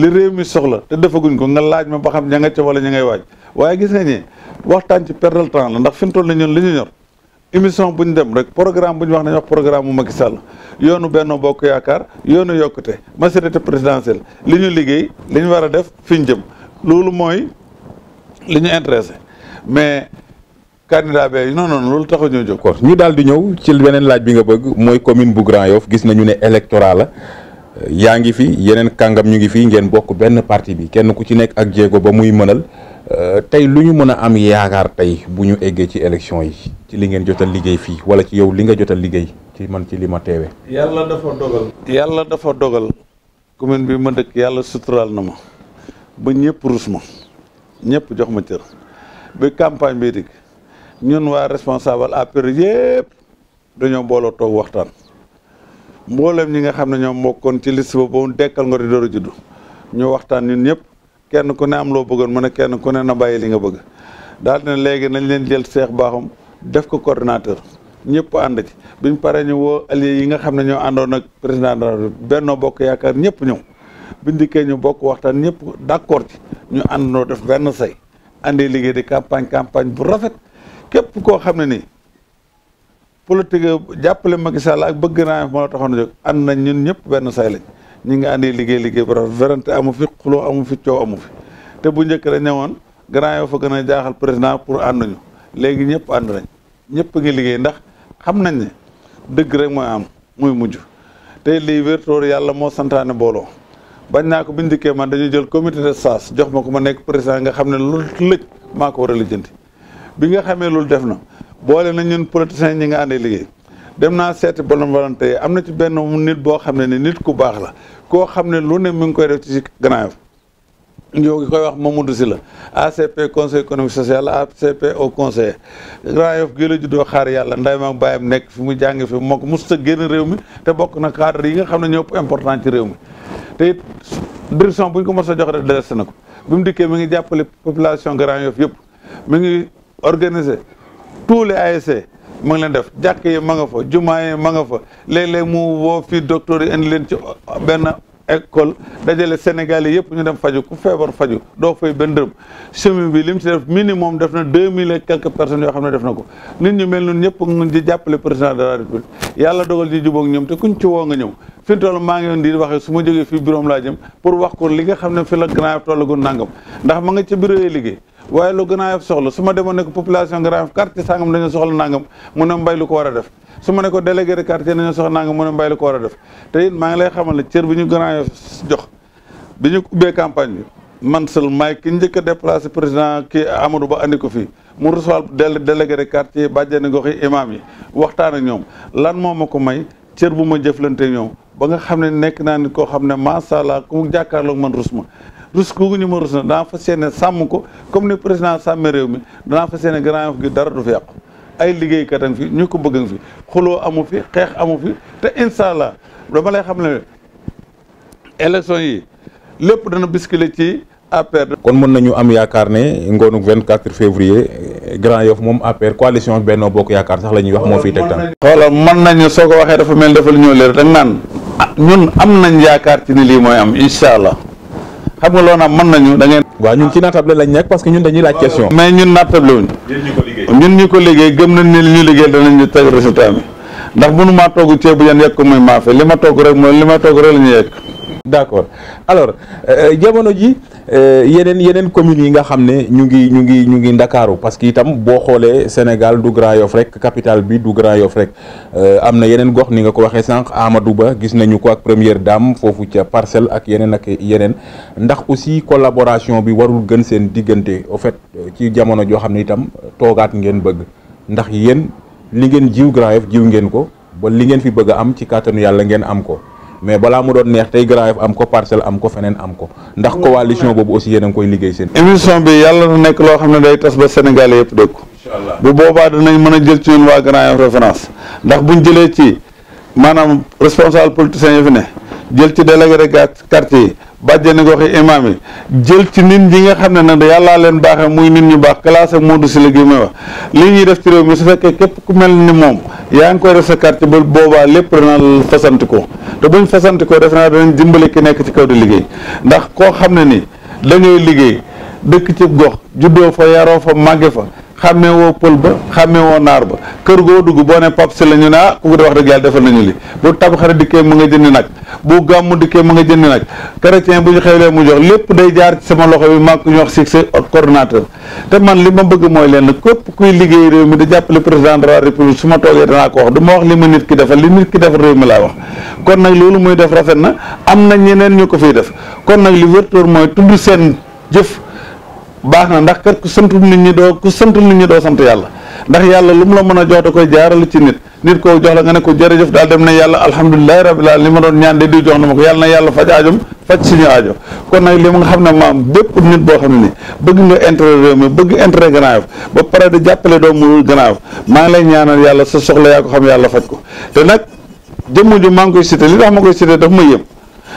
li réew mi soxla te defaguñ ko nga laaj ma ba xam ña nga ca wala ña ngay waaj waaye gis nga ñi waxtaan ci perte de temps la ndax fi mu li ñu ñor émission bu ñu dem rek programme bu ñu wax nañ wax programme mu Macky Sall yoonu benn Bokk Yaakaar yoonu yokkute ma majorité présidentielle li ñu liggéey li ñu war a def fi ñu jëm loolu mooy li ñu intéressé mais candidat be non non loolu taxu ñoo jóg ko ñu daal di ñëw ci beneen laaj bi nga bëgg mooy commune bu Grand Yoff gis nañu ne électorat la fi yeneen kàngam ñu ngi fi ngeen bokk benn parti bi kenn ku ci nekk ak jéego ba muy mënal euh, tey lu ñu mën a am yaakaar tey bu ñu ci élection yi ci li ngeen jotal liggéey fi wala ci yow li nga jotal liggéey ci man ci li ma teewe dafa dogal yàlla dafa dogal commune bi ma dëkk yàlla suturaal na ma ba ñëpp jox ma bi campagne bi ñun wa responsable APR yépp dañu bolo tok waxtan mbolam ñi nga xam ñom ñoom ci liste ba mu dekkal nga dooro jiddu ñu waxtan ñun ñëpp kenn ku ne am lo bëggon mëna kenn ku ne na bàyyi li nga bëgg dal na légui nañ leen jël Cheikh baxum def ko coordinateur ñëpp and ci biñ paré ñu wo alliés yi nga xam ne ñoo àndoon ak président de Benno Bokk yaakar ñëpp ñu biñ dikkee ñu bokk waxtan ñëpp d'accord ci ñu def benn say andé liggéey di campagne campagne bu rafet képp koo xam ne nii politique jàppale Macky Sall ak bëgg naa moo la taxoon a jóg ànd nañ ñun ñëpp benn say lañ ñu ngi àndee liggéey liggéey bu rafet amu fi xuloo amu fi coow amu fi te bu njëkk dañ ñëwoon grand yoo fa gën jaaxal président pour ànduñu léegi ñëpp ànd nañ ñëpp ngi liggéey ndax xam nañ ne dëgg rek mooy am muy mujj te lii wértoor yàlla moo santaane booloo bañ naa ko biñ dikkee man dañu jël comité de sas jox ma ko ma nekk président nga xam ne lu lëj maa ko war a lijjanti bi nga xamee loolu def na boole nañ ñun politiciens ñi nga àndee liggéey dem naa seeti bonne volonté yi am na ci benn nit boo xam ne ni nit ku baax la koo xam ne lu ne mi ngi koy def ci Grand Yoff ñoo ngi koy wax Mamadou Sylla ACP conseil économique social ACP au conseil Grand Yoff gii la juddoo xaar yàlla nday maag bàyyam nekk fi mu jàng fi moo ko mos a génn réew mi te bokk na cadre yi nga xam ne ñoo important ci réew mi te it direction bu ñu ko mos a jox rek dese na ko bi dikkee mi ngi jàppale population Grand Yoff yëpp mi ngi organisé tous les ASC mu ngi leen def jàkk yi ma nga fa jumaa yi ma nga fa léeg-léeg mu woo fii docteur yi indi leen ci benn école dajale Sénégal yi yëpp ñu dem faju ku feebar faju doo fay benn dërëm chemin bi lim ci def minimum def na deux mille et quelques yoo xam ne def na ko nit ñu mel noonu ñëpp ñu di jàppale président de la république yàlla dogal ji jubóog ñoom te kuñ ci woo nga ñëw fi mu toll maa ngi di waxee su ma jógee fii bureau laa jëm pour wax ko li nga xam ne fi la Grand Yoff tollagu nangam ndax liggéey waaye lu Grand Yoff soxla su ma demoon ne ko population Grand Yoff quartier sangam dañoo soxla nangam mu ne mbay lu ko war a def su ma ne ko délégué de quartier dañoo soxla nanga mu ne mbay ko war a def te it maa ngi lay xamal ne cër bi ñu Grand jox bi ñu ubbee campagne bi man seul maay ki njëkk a président kii Amadou Ba andi ko fii mu recevoir délégué de quartier bàjjani gox yi imam yi waxtaan ñoom lan moo ma ko may cër bu ma jëflante ñoom ba nga xam ne nekk naa nit koo xam ne macha allah ku mu jàkkaarloog man rus ma rus googu ñu ma rus na danaa fas yéene sàmm ko comme ni président sàmme réew mi danaa fas yéene Grand Yoff gi dara du fi yàqu ay liggéeykat a ngi fi ñu ko bëgg a ngi fi xuloo amu fi xeex amu fi te incha allah dama lay xam ne élection yi lépp dana biskile ci APR. kon mën nañu am yaakaar ne ngoonu 24 février Grand Yoff moom APR coalition Benno Bokk Yaakaar sax la ñuy wax moo fiy teg tan xoolal mën nañu soo ko waxee dafa mel dafa lu ñëw leer rek naan ah, ñun am nañ yaakaar ci ni lii mooy am incha allah. xam nga loolu nag mën nañu da ngeen. waaw ñun ci naatable lañ nekk parce que ñun dañuy laaj question. mais ñun naatable wuñ. ñun ñu ko liggéey gëm nañ li ñu liggéey danañ ñu teg résultat bi ndax mënu maa togg ceebu yan yekk muy maafe li ma togg rek mooy li ma togg rek la ñu yekk d' accord alors euh, jamono ji euh, yeneen yeneen communes yi nga xam ne ñu ngi ñu ngi ñu ngi ndakaaru parce que itam boo xoolee Sénégal du Grand Yoff rek capital bi du Grand Yoff rek euh, am na yeneen gox ni nga ko waxee sànq Amadou Ba gis nañu ko ak première dame foofu ca parcelle ak yeneen ak yeneen ndax aussi collaboration bi warul gën seen diggante au fait ci jamono joo xam ne itam toogaat ngeen bëgg ndax yéen li ngeen jiw Grand Yoff jiw ngeen ko ba li ngeen fi bëgg a am ci kàttanu yàlla ngeen am ko. mais balaa mu doon neex tey Grand Yoff am ko parcelle am ko feneen am ko ndax coalition boobu aussi yéen a koy liggéey seen. émission bi yàlla na nekk loo xam ne day tas ba Sénégal yëpp dégg ko. inchaallah bu boobaa dinañ mën a jël ci ñun waa Grand Yoff référence ndax buñ jëlee ci maanaam responsable politicien yi fi ne jël ci délégué de quartier yi bàjjeni goxi imaam yi jël ci nit ñi nga xam ne nag yàllaa leen baaxe muy nit ñu baax classé Modou Sylla gi may wax li ñuy def ci réew mi su fekkee képp ku mel ni moom yaa ngi koy def sa quartier ba booba lépp dana fasanti ko te buñ fasanti ko def naa danañ dimbale ki nekk ci kaw di liggéey ndax koo xam ne ni dañooy liggéey dëkk ci gox juddoo fa yaroo fa màgge fa xàmmee woo pël ba xàmmee woo naar ba kër goo dugg boo ne pap si ne ah ku ko wax dëgg defal nañu li bu tabaxare dikkee mu nga jëndi nag bu gàmmu dikkee mu nga jëndi nag chrétien bu ñu xewlee mu jox lépp day jaar ci sama loxo bi maa ko ñu wax succès coordonnateur te man li ma bëgg mooy leen képp kuy liggéey réew mi di jàppale président de la république su ma toogee danaa ko wax du wax li ma nit ki defal li nit ki defal réew mi laa wax kon na am na ñeneen ñu ko baax na ndax kat ku santul nit ñi doo ku santul nit ñi sant yàlla ndax yàlla lu mu la mën a jox da koy jaaral ci nit nit ko jox la nga ne ko jërëjëf daal dem na yàlla alhamdulilahi rabbil alamin li ma doon ñaan de di jox na ma ko yàlla na yàlla faj aajom faj suñu aajo kon nag ma nga xam ne maam bépp nit boo xam ne bëgg nga intérêt réew mi bëgg intérêt Grand ba pare di jàppale doomu Grand Yoff maa ngi lay ñaanal yàlla sa soxla yaa ko xam yàlla faj ko te nag jëmm ju maa ngi koy cité li tax ma koy cité daf ma yëm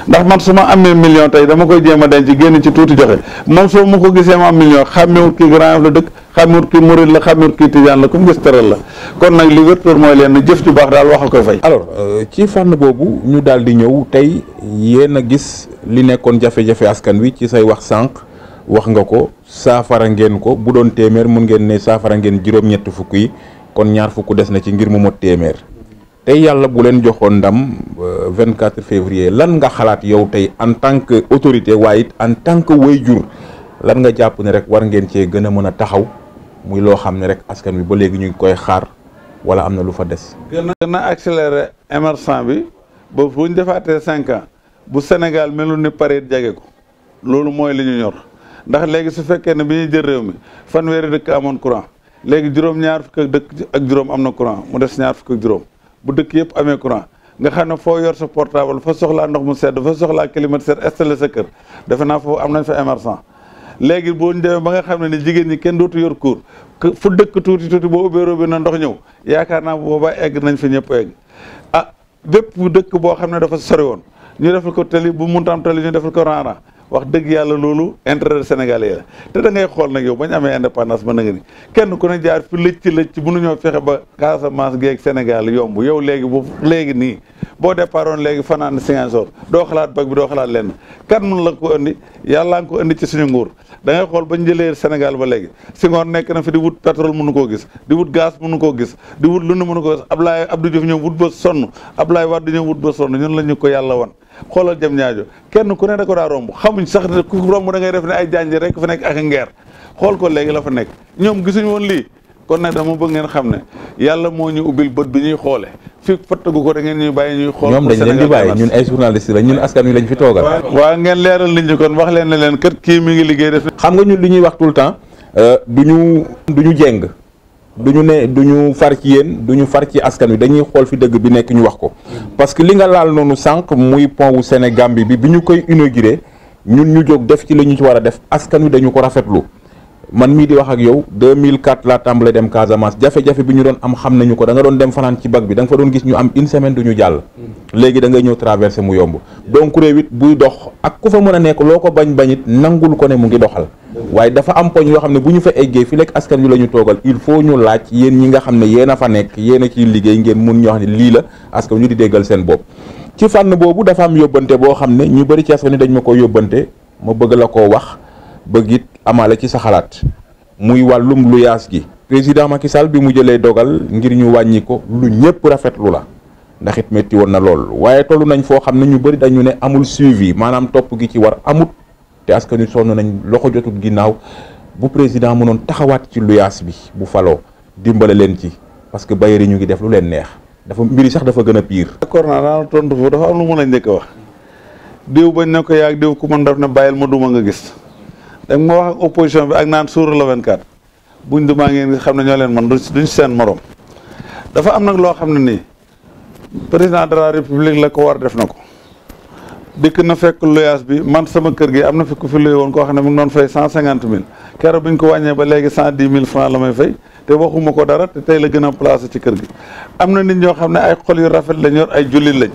ndax man su ma amee million tey dama koy jéem a denc génn ci tuuti joxe moom soo ma ko gisee ma am million xàmmewut kii Grand am la dëkk xàmmewut kii Murid la xàmmewut kii Tijaan la ku mu gis tëral la kon nag li wér mooy leen jëf ju baax daal wax a ko fay. aloor euh, ci fànn boobu ñu daal di ñëw tey yéen a gis li nekkoon jafe-jafe askan wi ci say wax sànq wax nga ko saafara ngeen ko bu doon téeméer mun ngeen ne saafara ngeen juróom-ñett fukk yi kon ñaar fukk des na ci ngir mu mot téeméer. tey yàlla bu leen joxoon ndam euh, vingt 24 février lan nga xalaat yow tey en tant que autorité waaye it en tant que waajur lan nga jàpp ne rek war ngeen cee gën a mën a taxaw muy loo xam ne rek askan wi ba léegi ñu ngi koy xaar wala am na lu fa des. gën a gën a accélérer émergence bi ba bu ñu defaatee cinq ans bu Sénégal melu ni Paris jege ko loolu mooy li ñu ñor ndax léegi su fekkee ne bi ñu jël réew mi fanweeri dëkk amoon courant léegi juróom-ñaar fukk dëkk ak juróom am na courant mu des ñaar fukk ak juróom. bu dëkk yëpp amee courant nga xam ne foo yor sa portable fa soxlaa ndox mu sedd fa soxlaa climatiseur installé sa kër defe naa foofu am nañ fa émergent léegi boo ñu demee ba nga xam ne ne jigéen ñi kenn dootu yor cour fu dëkk tuuti tuuti boo ubbee robinet na ndox ñëw yaakaar naa booba egg nañ fa ñëpp egg ah bépp dëkk boo xam ne dafa sori woon ñu defal ko tali bu mun am tali ñu defal ko raara wax dëgg yàlla loolu intérêt sénégalais la te da ngay xool nag yow ba ñu amee indépendance ba na nga ni kenn ku ne jaar fi lëcc lëcc mënuñoo fexe ba Casamance geeg Sénégal yomb yow léegi bu léegi nii boo départoon léegi fanaan Ziguinchor doo xalaat bag bi doo xalaat lenn kan mun la ko indi yàllaa nga ko indi ci suñu nguur da xool ba ñu jëlee Sénégal ba léegi Senghor nekk na fi di wut pétrole mënu koo gis di wut gaz mënu koo gis di wut lu nu mënu koo gis Ablaye Abdou Diouf ñëw wut ba sonn Ablaye Wade ñëw wut ba sonn ñun la ñu ko yàlla wan xoolal jëm ñaajo kenn ku ne da ko daa romb xamuñ sax ku romb da ngay def ne ay janj rek fa nekk ak ngeer ko léegi la fa nekk ñoom gisuñu woon lii kon nag dama bëgg ngeen xam ne yàlla moo ñu ubbil bët bi ñuy xoole fii fattagu ko da ngeen bàyyi ñuy xool ñoom dañ bàyyi ñun ay journaliste la ñun askan wi lañ fi toogal waaw ngeen leeral li ñu kon wax leen ne leen mi ngi liggéey xam nga ñun li ñuy wax tout le temps euh, du ñu du ñu jéng du ne du ñu far ci yéen du far ci askan wi dañuy xool fi dëgg bi nekk ñu wax ko parce que li nga laal noonu sànq muy pont wu Sénégambie bi bi ñu koy inauguré ñun ñu jóg def ci la ñu ci war a def askan wi dañu ko rafetlu man mii di wax ak yow 2004 la tàmbalee dem Casamance jafe-jafe bi ñu doon am xam nañu ko danga doon dem fanaan ci bag bi da nga fa doon gis ñu am une semaine ñu jàll. Mm. léegi da ngay ñëw traversé mu yomb. donc réew it buy dox ak ku fa mën a nekk loo ko bañ bañit it nangul ko ne mu ngi doxal. waaye dafa am poñ yoo xam ne bu ñu fa eggee fi lekk askan wi la ñu toogal il faut ñu laaj yéen ñi nga xam ne yéen fa nekk yéen a liggéey ngeen mun ñu wax ne lii la askan ñu di déggal seen bopp. ci fànn boobu dafa am boo xam ne ñu bëri ci askan wi dañ ma ko yóbbante ma bëgg la koo wax bëgg it amaale ci sa xalaat muy wàllum lu yaas gi président Macky Sall bi mu jëlee dogal ngir ñu wàññi ko lu ñëpp rafetlu la ndax it métti woon na lool waaye toll nañ foo xam ne ñu bëri dañu ne amul suivi maanaam topp gi ci war amut te askan ni sonn nañ loxo jotul ginnaaw bu président mënoon taxawaat ci luyaas bi bu faloo dimbale leen ci parce que bailleurs yi ñu ngi def lu leen neex dafa mbiri sax dafa gën a piir d'accord naa daana tontu foofu dafa am lu mën a njëkk wax diw bañ ne ko yaag diw ku mën daf ne ma duma nga gis danga ma wax ak opposition bi ak naan suura la 24 buñ dumaa ngeen xam ne ñoo leen man duñ seen morom dafa am na loo xam ne nii président de la république la ko war def na ko dikk na fekk loyaas bi man sama kër gi am na fi ku fi luye woon koo xam ne mu ngi doon fay cent cinquante mille keroog bi ñu ko wàññee ba léegi cent dix mille franc la may fay te waxuma ko dara te tey la gën a placé ci kër gi am na nit ñoo xam ne ay xol yu rafet lañ yor ay jullit lañ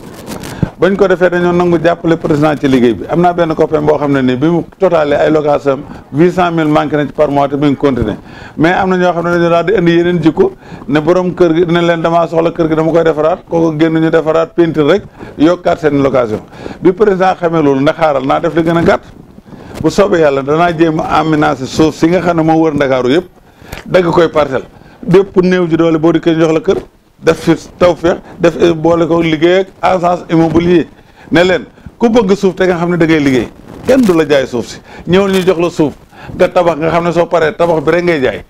bañ ko defee dañoo nangu jàppale président ci liggéey bi am naa benn copain boo xam ne nii bi mu totalee ay location huit cent mille manqué nañ ci par mois te mi ngi continuer mais am na ñoo xam ne dañoo daal di indi yeneen jikko ne borom kër gi dina leen damaa soxla kër gi dama koy defaraat kooku génn ñu defaraat peinture rek yokkaat seen location bi président xamee loolu ndax xaaral naa def li gën a gàtt bu soobee yàlla danaa jéem a aménager suuf si nga xam ne moo wër ndakaaru yëpp dagg koy parcelle bépp néew ji doole boo dikkee jox la kër def fi tawfeex def eh, boole ko liggéey ak agence immobilier ne leen ku bëgg suuf te nga xam ne da ngay liggéey kenn du la jaay suuf si ñëw ñu jox la suuf nga tabax nga xam ne soo paree tabax bi rek ngay jaay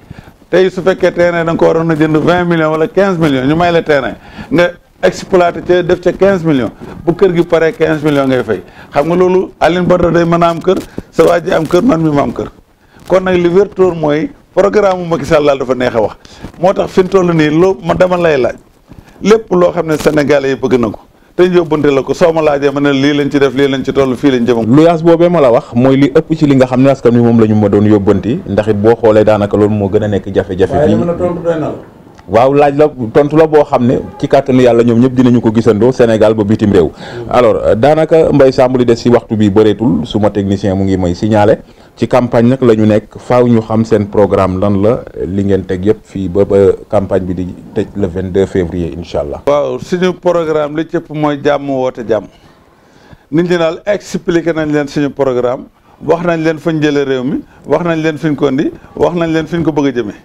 tey su fekkee terrain da ko waroon na jënd vingt million wala quinze millions ñu may la terrain nga exploité ca def ca quinze million bu kër gi paree quinze millions ngay fay xam nga loolu Alioune da day mën a am kër soo waa am kër man mi ma am kër kon nag li wér mooy. programme Macky Sall daal dafa neex a wax moo tax fi mu toll nii loo ma dama lay laaj lépp loo xam ne senegal yi bëgg na ko te yóbbante la ko soo ma laajee ma ne lii lañ ci def lii lañ ci toll fii lañ jëm. luyaas boobee ma la wax mooy li ëpp ci li nga xam ne askan wi moom la ñu ma doon yóbbanti ndax it boo xoolee daanaka loolu moo gën a nekk jafe-jafe. waaye dama la tontu waaw laaj la tontu la boo xam ne ci kàttanu yàlla ñoom ñëpp dinañu ko gisandoo Sénégal ba bitim réew. Mm. alors euh, daanaka Mbaye Samb li des si waxtu bi bëreetul suma technicien mu ngi may signalé. ci campagne nag la ñu nekk faaw ñu xam seen programme lan la li ngeen teg yëpp fii ba ba campagne bi di tëj le 22 février incha allah. waaw suñu programme li cëpp mooy jàmm woote jàmm nit ñi daal expliqué nañ leen suñu programme wax nañ leen fuñ jëlee réew mi wax nañ leen fuñ ko wax nañ leen fuñ ko bëgg a jëmee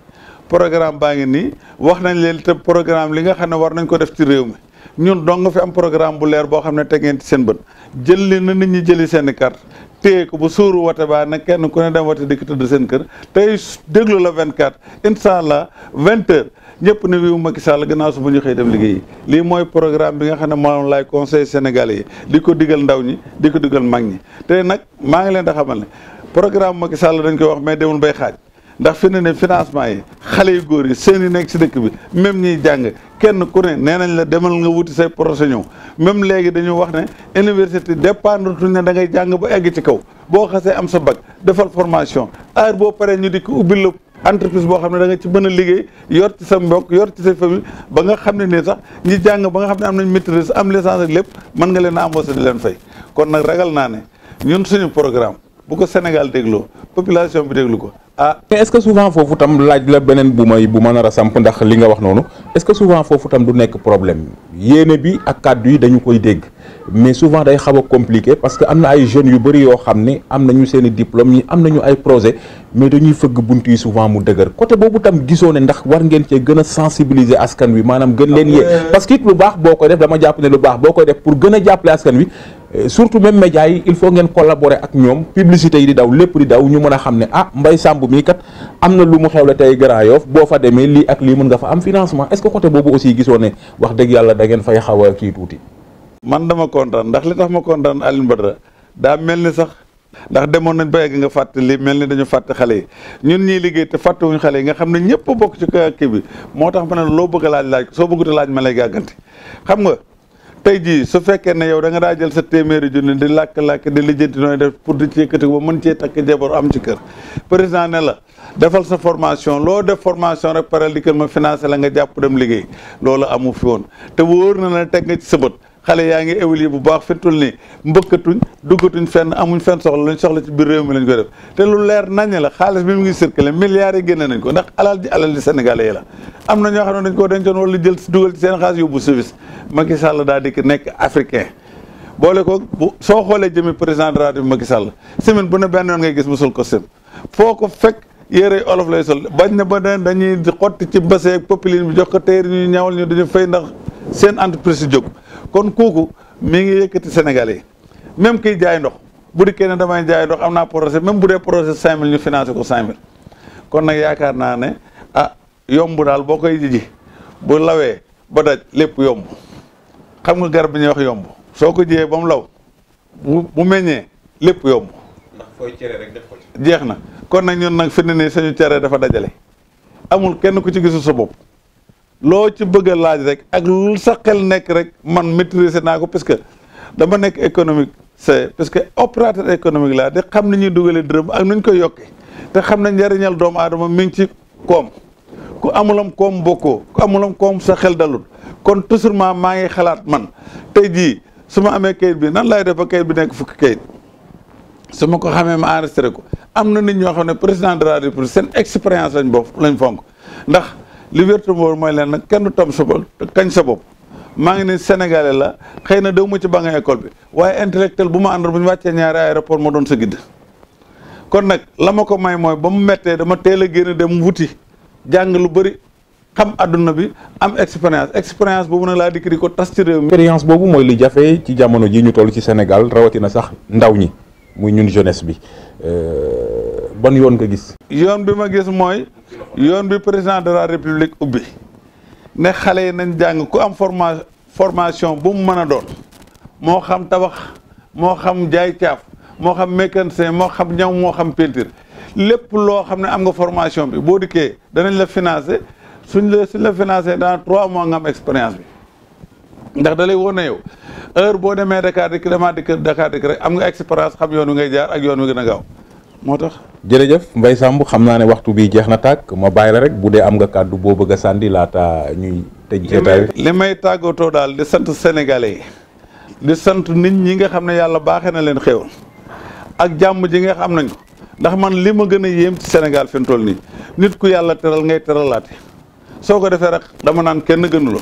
programme baa ngi nii wax nañ leen te programme li nga xam ne war nañ ko def ci réew mi. ñun dong nga fi am programme bu leer boo xam ne teg ngeen ci seen bët jël leen na nit ñi jëli seen i carte téye ko bu suuru wote baa nag kenn ku ne dem di dikk tëdd seen kër tey déglu la 24 incha allah 20 heures ñëpp ne wiwu Macky Sall gannaaw suba ñu xëy dem liggéeyi lii mooy programme bi nga xam ne moom laay conseil sénégalais yi di ko digal ndaw ñi di ko digal mag ñi. tey nag maa ngi leen di xamal ne programme Macky Sall dañ koy wax mais demul bay xaaj. ndax fi ne ne financement yi xale yu góor yi seen yi nekk si dëkk bi même ñiy jàng kenn ku ne nee nañ la demal nga wuti say projet ñëw même léegi dañu wax ne université dépendre tuñ ne da ngay jàng ba egg ci kaw boo xasee am sa bac defal formation heure boo paree ñu di ko ubbil entreprise boo xam ne da ci mën a liggéey yor ci sa mbokk yor ci sa famille ba nga xam ne nii sax ñi jàng ba nga xam ne am nañ maîtrise am licence ak lépp mën nga leen a embauché leen fay kon nag ragal naa ne ñun programme bu ko Sénégal dégloo population bi déglu ko ah est-ce que souvent fofu tam laaj la benen bu may bu ma nar ndax li nga wax nonou est-ce que souvent fofu tam du nek problème yene bi ak kàddu yi dañu koy dégg mais souvent day xawa a compliqué parce que amna ay jeunes yu bëri yo xam amna ñu nañu seen diplôme ñi amna ñu ay projet mais dañuy feug bunt yi souvent mu dëgër côté bobu tam gisoo ndax war ngeen ci gëna sensibiliser askan wi manam gën leen yé ah parce que it lu bax boo def dama japp né lu bax boo def pour gëna japp askan wi Euh, surtout même médias yi il faut ngeen collaborer ak ñoom publicité yi di daw lépp di daw ñu mën a xam ne ah mbay Samb mii kat am na lu mu xewle tey Grand boo fa demee lii ak lii mën nga fa am financement est-ce que boobu aussi gisoo ne wax dëgg yàlla da ngeen fay xaw a kii tuuti. man dama kontaan ndax li tax ma kontaan Alioune Badara daa mel ni sax. ndax demoon nañ ba yegg nga fàtt li mel ni dañu fàtt xale yi ñun ñii liggéey te fàtt fàttewuñu xale yi nga xam ne ñëpp bokk kii bi moo tax ma loo bëgg a laaj soo bëggut a laaj ma lay xam nga tey jii su fekkee ne yow da nga daa jël sa téeméeri junni di làkk-làkk di lijjanti nooy def pour di ci yëkkati ba mën cee takk jabar am ci kër président ne la defal sa formation loo def formation rek parel di kër ma financé la nga jàpp dem liggéey loolu amu fi woon te wóor na la teg nga ci sa bët xalé yaangi ngi évoluer bu baax fettul nii mbeukatuñ dugatuñ fenn amuñ fenn soxla luñ soxla ci biir réew mi lañ ko def té lu leer nañ la xaaliss bi mu ngi circuler milliards yi génne nañ ko ndax alal di alal di sénégalais la amna ño ñoo xam ne dañ koo dencoon wala jël ci dugal ci seen xaalis yóbbu service Macky Sall da dik nek africain bolé ko so xolé jëmi président de la République Macky Sall semaine bu ne benn yoon ngay gis musul ko sem foko fek yere olof lay sol bañ na ba dañuy xotti ci basee ak populine bi jox ko téer ñu ñawal ñu dañu fay ndax seen entreprise jog kon kooku mii ngi yëkkati Sénégalais yi même kiy jaay ndox bu di kenn damay jaay ndox am na projet même bu dee projet 5000 ñu financé ko 5000 kon nag yaakaar naa ne ah yomb daal boo koy ji bu lawee ba daj lépp yomb xam nga garab bi ñuy wax yomb soo ko jiyee ba mu law bu mu meññee lépp yomb. ndax fooy cere jeex na kon nag ñun nag fi ne nii suñu cere dafa dajale amul kenn ku ci gisul sa bopp. loo ci bëgg laaj rek ak lu sa xel nekk rek man maîtriser naa ko parce que dama nekk économique c'est parce que opérateur économique laa de xam ni ñuy dugalee dërëm ak nu ñu koy yokkee te xam ne njariñal doomu aadama mi ngi ci koom ku amulam koom bokkoo ku amulam koom sa xel dalul kon toujours maa ngi xalaat man tey jii su ma amee kayit bi nan laay def ba kayit bi nekk fukki kayit su ma ko xamee ma enregistré ko am na nit ñoo xam ne président de la République seen expérience lañ boof lañ fonk ndax. li wérta mooy leen nag kenn du tam sa bopp te kañ sa bopp maa ngi ne sénégalais la xëy na daw ma ci bànga école bi waaye intellectuel bu ma àndal bu ñu wàccee ñaari aéroport moo doon sa gidd kon nag la ma ko may mooy ba mu mettee dama teel a génn dem wuti jàng lu bëri xam adduna bi am expérience expérience boobu nag laa dikk di ko tas ci réew expérience boobu mooy li jafe ci jamono ji ñu toll ci Sénégal rawatina sax ndaw ñi muy ñun jeunesse bi Euh, ban yoon nga gis. yoon bi ma gis mooy yoon bi président de la république ubbi ne xale yi nañ jàng ku am forma formation bu mu mën a doon moo xam tabax moo xam jaay caaf moo xam mécanicien moo xam ñaw moo xam peinture lépp loo xam ne am nga formation bi boo dikkee danañ la financer suñ la suñ la financer dans trois mois nga am expérience bi. ndax da lay wóor na yow heure boo demee Dakar dikk demaat dikk Dakar dikk rek am nga expérience xam yoon wi ngay jaar ak yoon wi gën a gaaw moo tax. jërëjëf Mbaye Samb xam naa ne waxtu bi jeex na tàkk ma bàyyi la rek bu dee am nga kàddu boo bëgg a sànni laata ñuy. tëj jotaay li may tàggatoo daal di sant sénégalais yi sant nit ñi nga xam ne yàlla baaxee na leen xew ak jàmm ji nga xam nañ ndax man li ma gën a yéem Sénégal fi mu toll nii nit ku yàlla teral ngay teralaate soo ko defee rek dama naan kenn gënu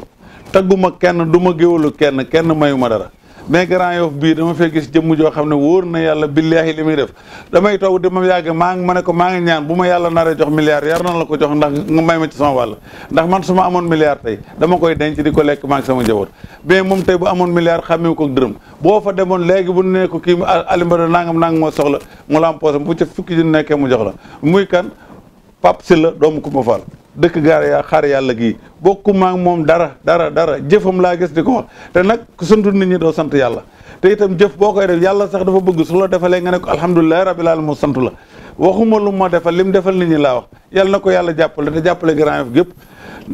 tagguma kenn du ma géwalu kenn kenn mayuma dara mais Grand Yoff bii dama fee gis jëmm joo xam ne wóor na yàlla billaahi li muy def damay toog di yàgg maa ngi ma ne ko maa ngi ñaan bu ma yàlla naree jox milliard yar na ko jox ndax nga may ma ci sama wàll ndax man suma ma amoon milliard tey dama koy denc di ko lekk maa ngi sama njaboot mais moom tey bu amoon milliard xamee ko dërëm boo fa demoon léegi bu ne ko kii ah, alimbado nangam nangam moo soxla mu la am poosam bu ca fukki ji nekkee mu jox la muy kan si la doomu Coumba Fall dëkk gar ya, xar yalla gi bokkuma ak moom dara dara dara jëfam la gis di ko wax te nak ku santu nit ñi do sant yalla te itam jëf bokay def yalla sax dafa bëgg su lo defalee nga ne ko rabbil alamin mu sant la waxuma lu mo defal lim defal nit ñi la wax yalla nako yalla yàlla jàppale te Grand yef gep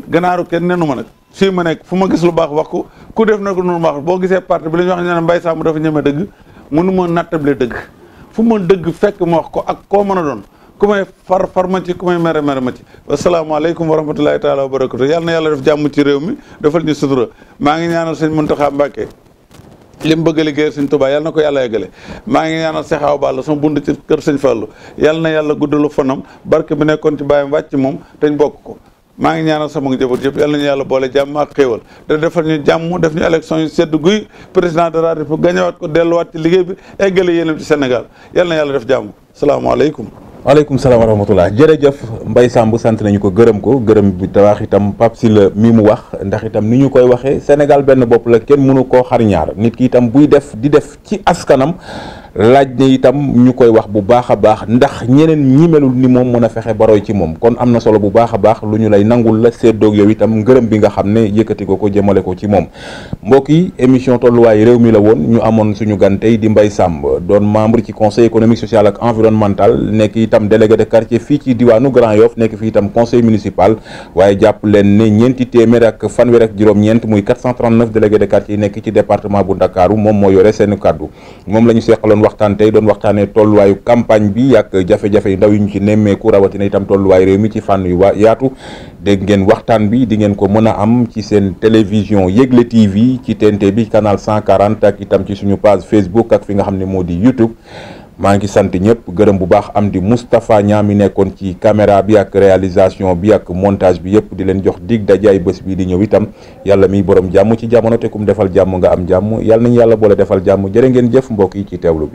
ganaaru kenn nenu nak nag ma nek fuma gis lu bax wax ku def na ko wax boo gisee parti bi la wax ne mbay sam dafa ñeme dëgg mënu ma nattable dëgg fu fekk mo wax ko ak ko mëna ku may far far ma ci ku mere mere ma ci wasalaamaaleykum wa rahmatulahi taala wa barakatu yàlla na yàlla def jàmm ci réew mi defal ñu sutura maa ngi ñaanal sëñ Muntaxa Mbàkke li mu bëgg a liggéey sëñ Tuubaa yàlla na ko yàlla yeggale maa ngi ñaanal Sexaaw Balla sama bund ci kër sëñ yàlla na yàlla guddalu fanam barke bi nekkoon ci bàyyam wàcc moom teñ bokk ko maa ngi ñaanal sama njaboot yëpp yal nañu yàlla boole jàmm ak xéewal te defal ñu jàmm def ñu élection yu sedd guy président de la république gañewaat ko delluwaat ci liggéey bi eggale yéenam ci Sénégal yal yàlla def jàmm salaamaaleykum waaleykum salaam wa rahmatulah jërëjëf mbay Samb sant nañu ko gërëm ko gërëm bi te wax itam Pape Sylla mi mu wax ndax itam ni ñu koy waxee Sénégal benn bopp la kenn mënu koo xar nit ki itam buy def di def ci askanam. laaj na itam ñu koy wax bu baax a baax ndax ñeneen ñi melul ni moom mën a fexe ba roy ci moom kon am na solo bu baax a baax lu ñu lay nangul la séddoog yow itam ngërëm bi nga xam ne yëkkati ko ko jëmale ko ci moom mbokk yi émission tolluwaay réew mi la woon ñu amoon suñu gan di Mbaye Samb doon membre ci conseil économique social ak environnemental nekk itam délégué de quartier fii ci diwaanu Grand Yoff nekk fi itam conseil municipal waaye jàpp leen ne ñeenti téeméer ak fanweer ak juróom-ñeent muy 439 délégué de quartier yi nekk ci département bu Ndakaaru moom moo yore seen kàddu moom la seqaloon waxtaan tey doon waxtaanee tolluwaayu campagne bi ak jafe-jafe yu ndaw yu ñu ci nemmeeku rawatina itam tolluwaay réew mi ci fànn yu waa yaatu dégg ngeen waxtaan bi di ngeen ko mën a am ci seen télévision Yegle TV ci TNT bi canal quarante ak itam ci suñu page Facebook ak fi nga xam ne moo di YouTube. maa ngi sant ñëpp gërëm bu baax am di Moustapha Niang mi nekkoon ci caméra bi ak réalisation bi ak montage bi yëpp di leen jox dig dajaay bés bii di ñëw itam yàlla miy borom jàmm ci jamono te kum defal jàmm nga am jàmm yàlla nañu yàlla boole defal jàmm jërë ngeen jëf mbokk yi ci teewlu bi.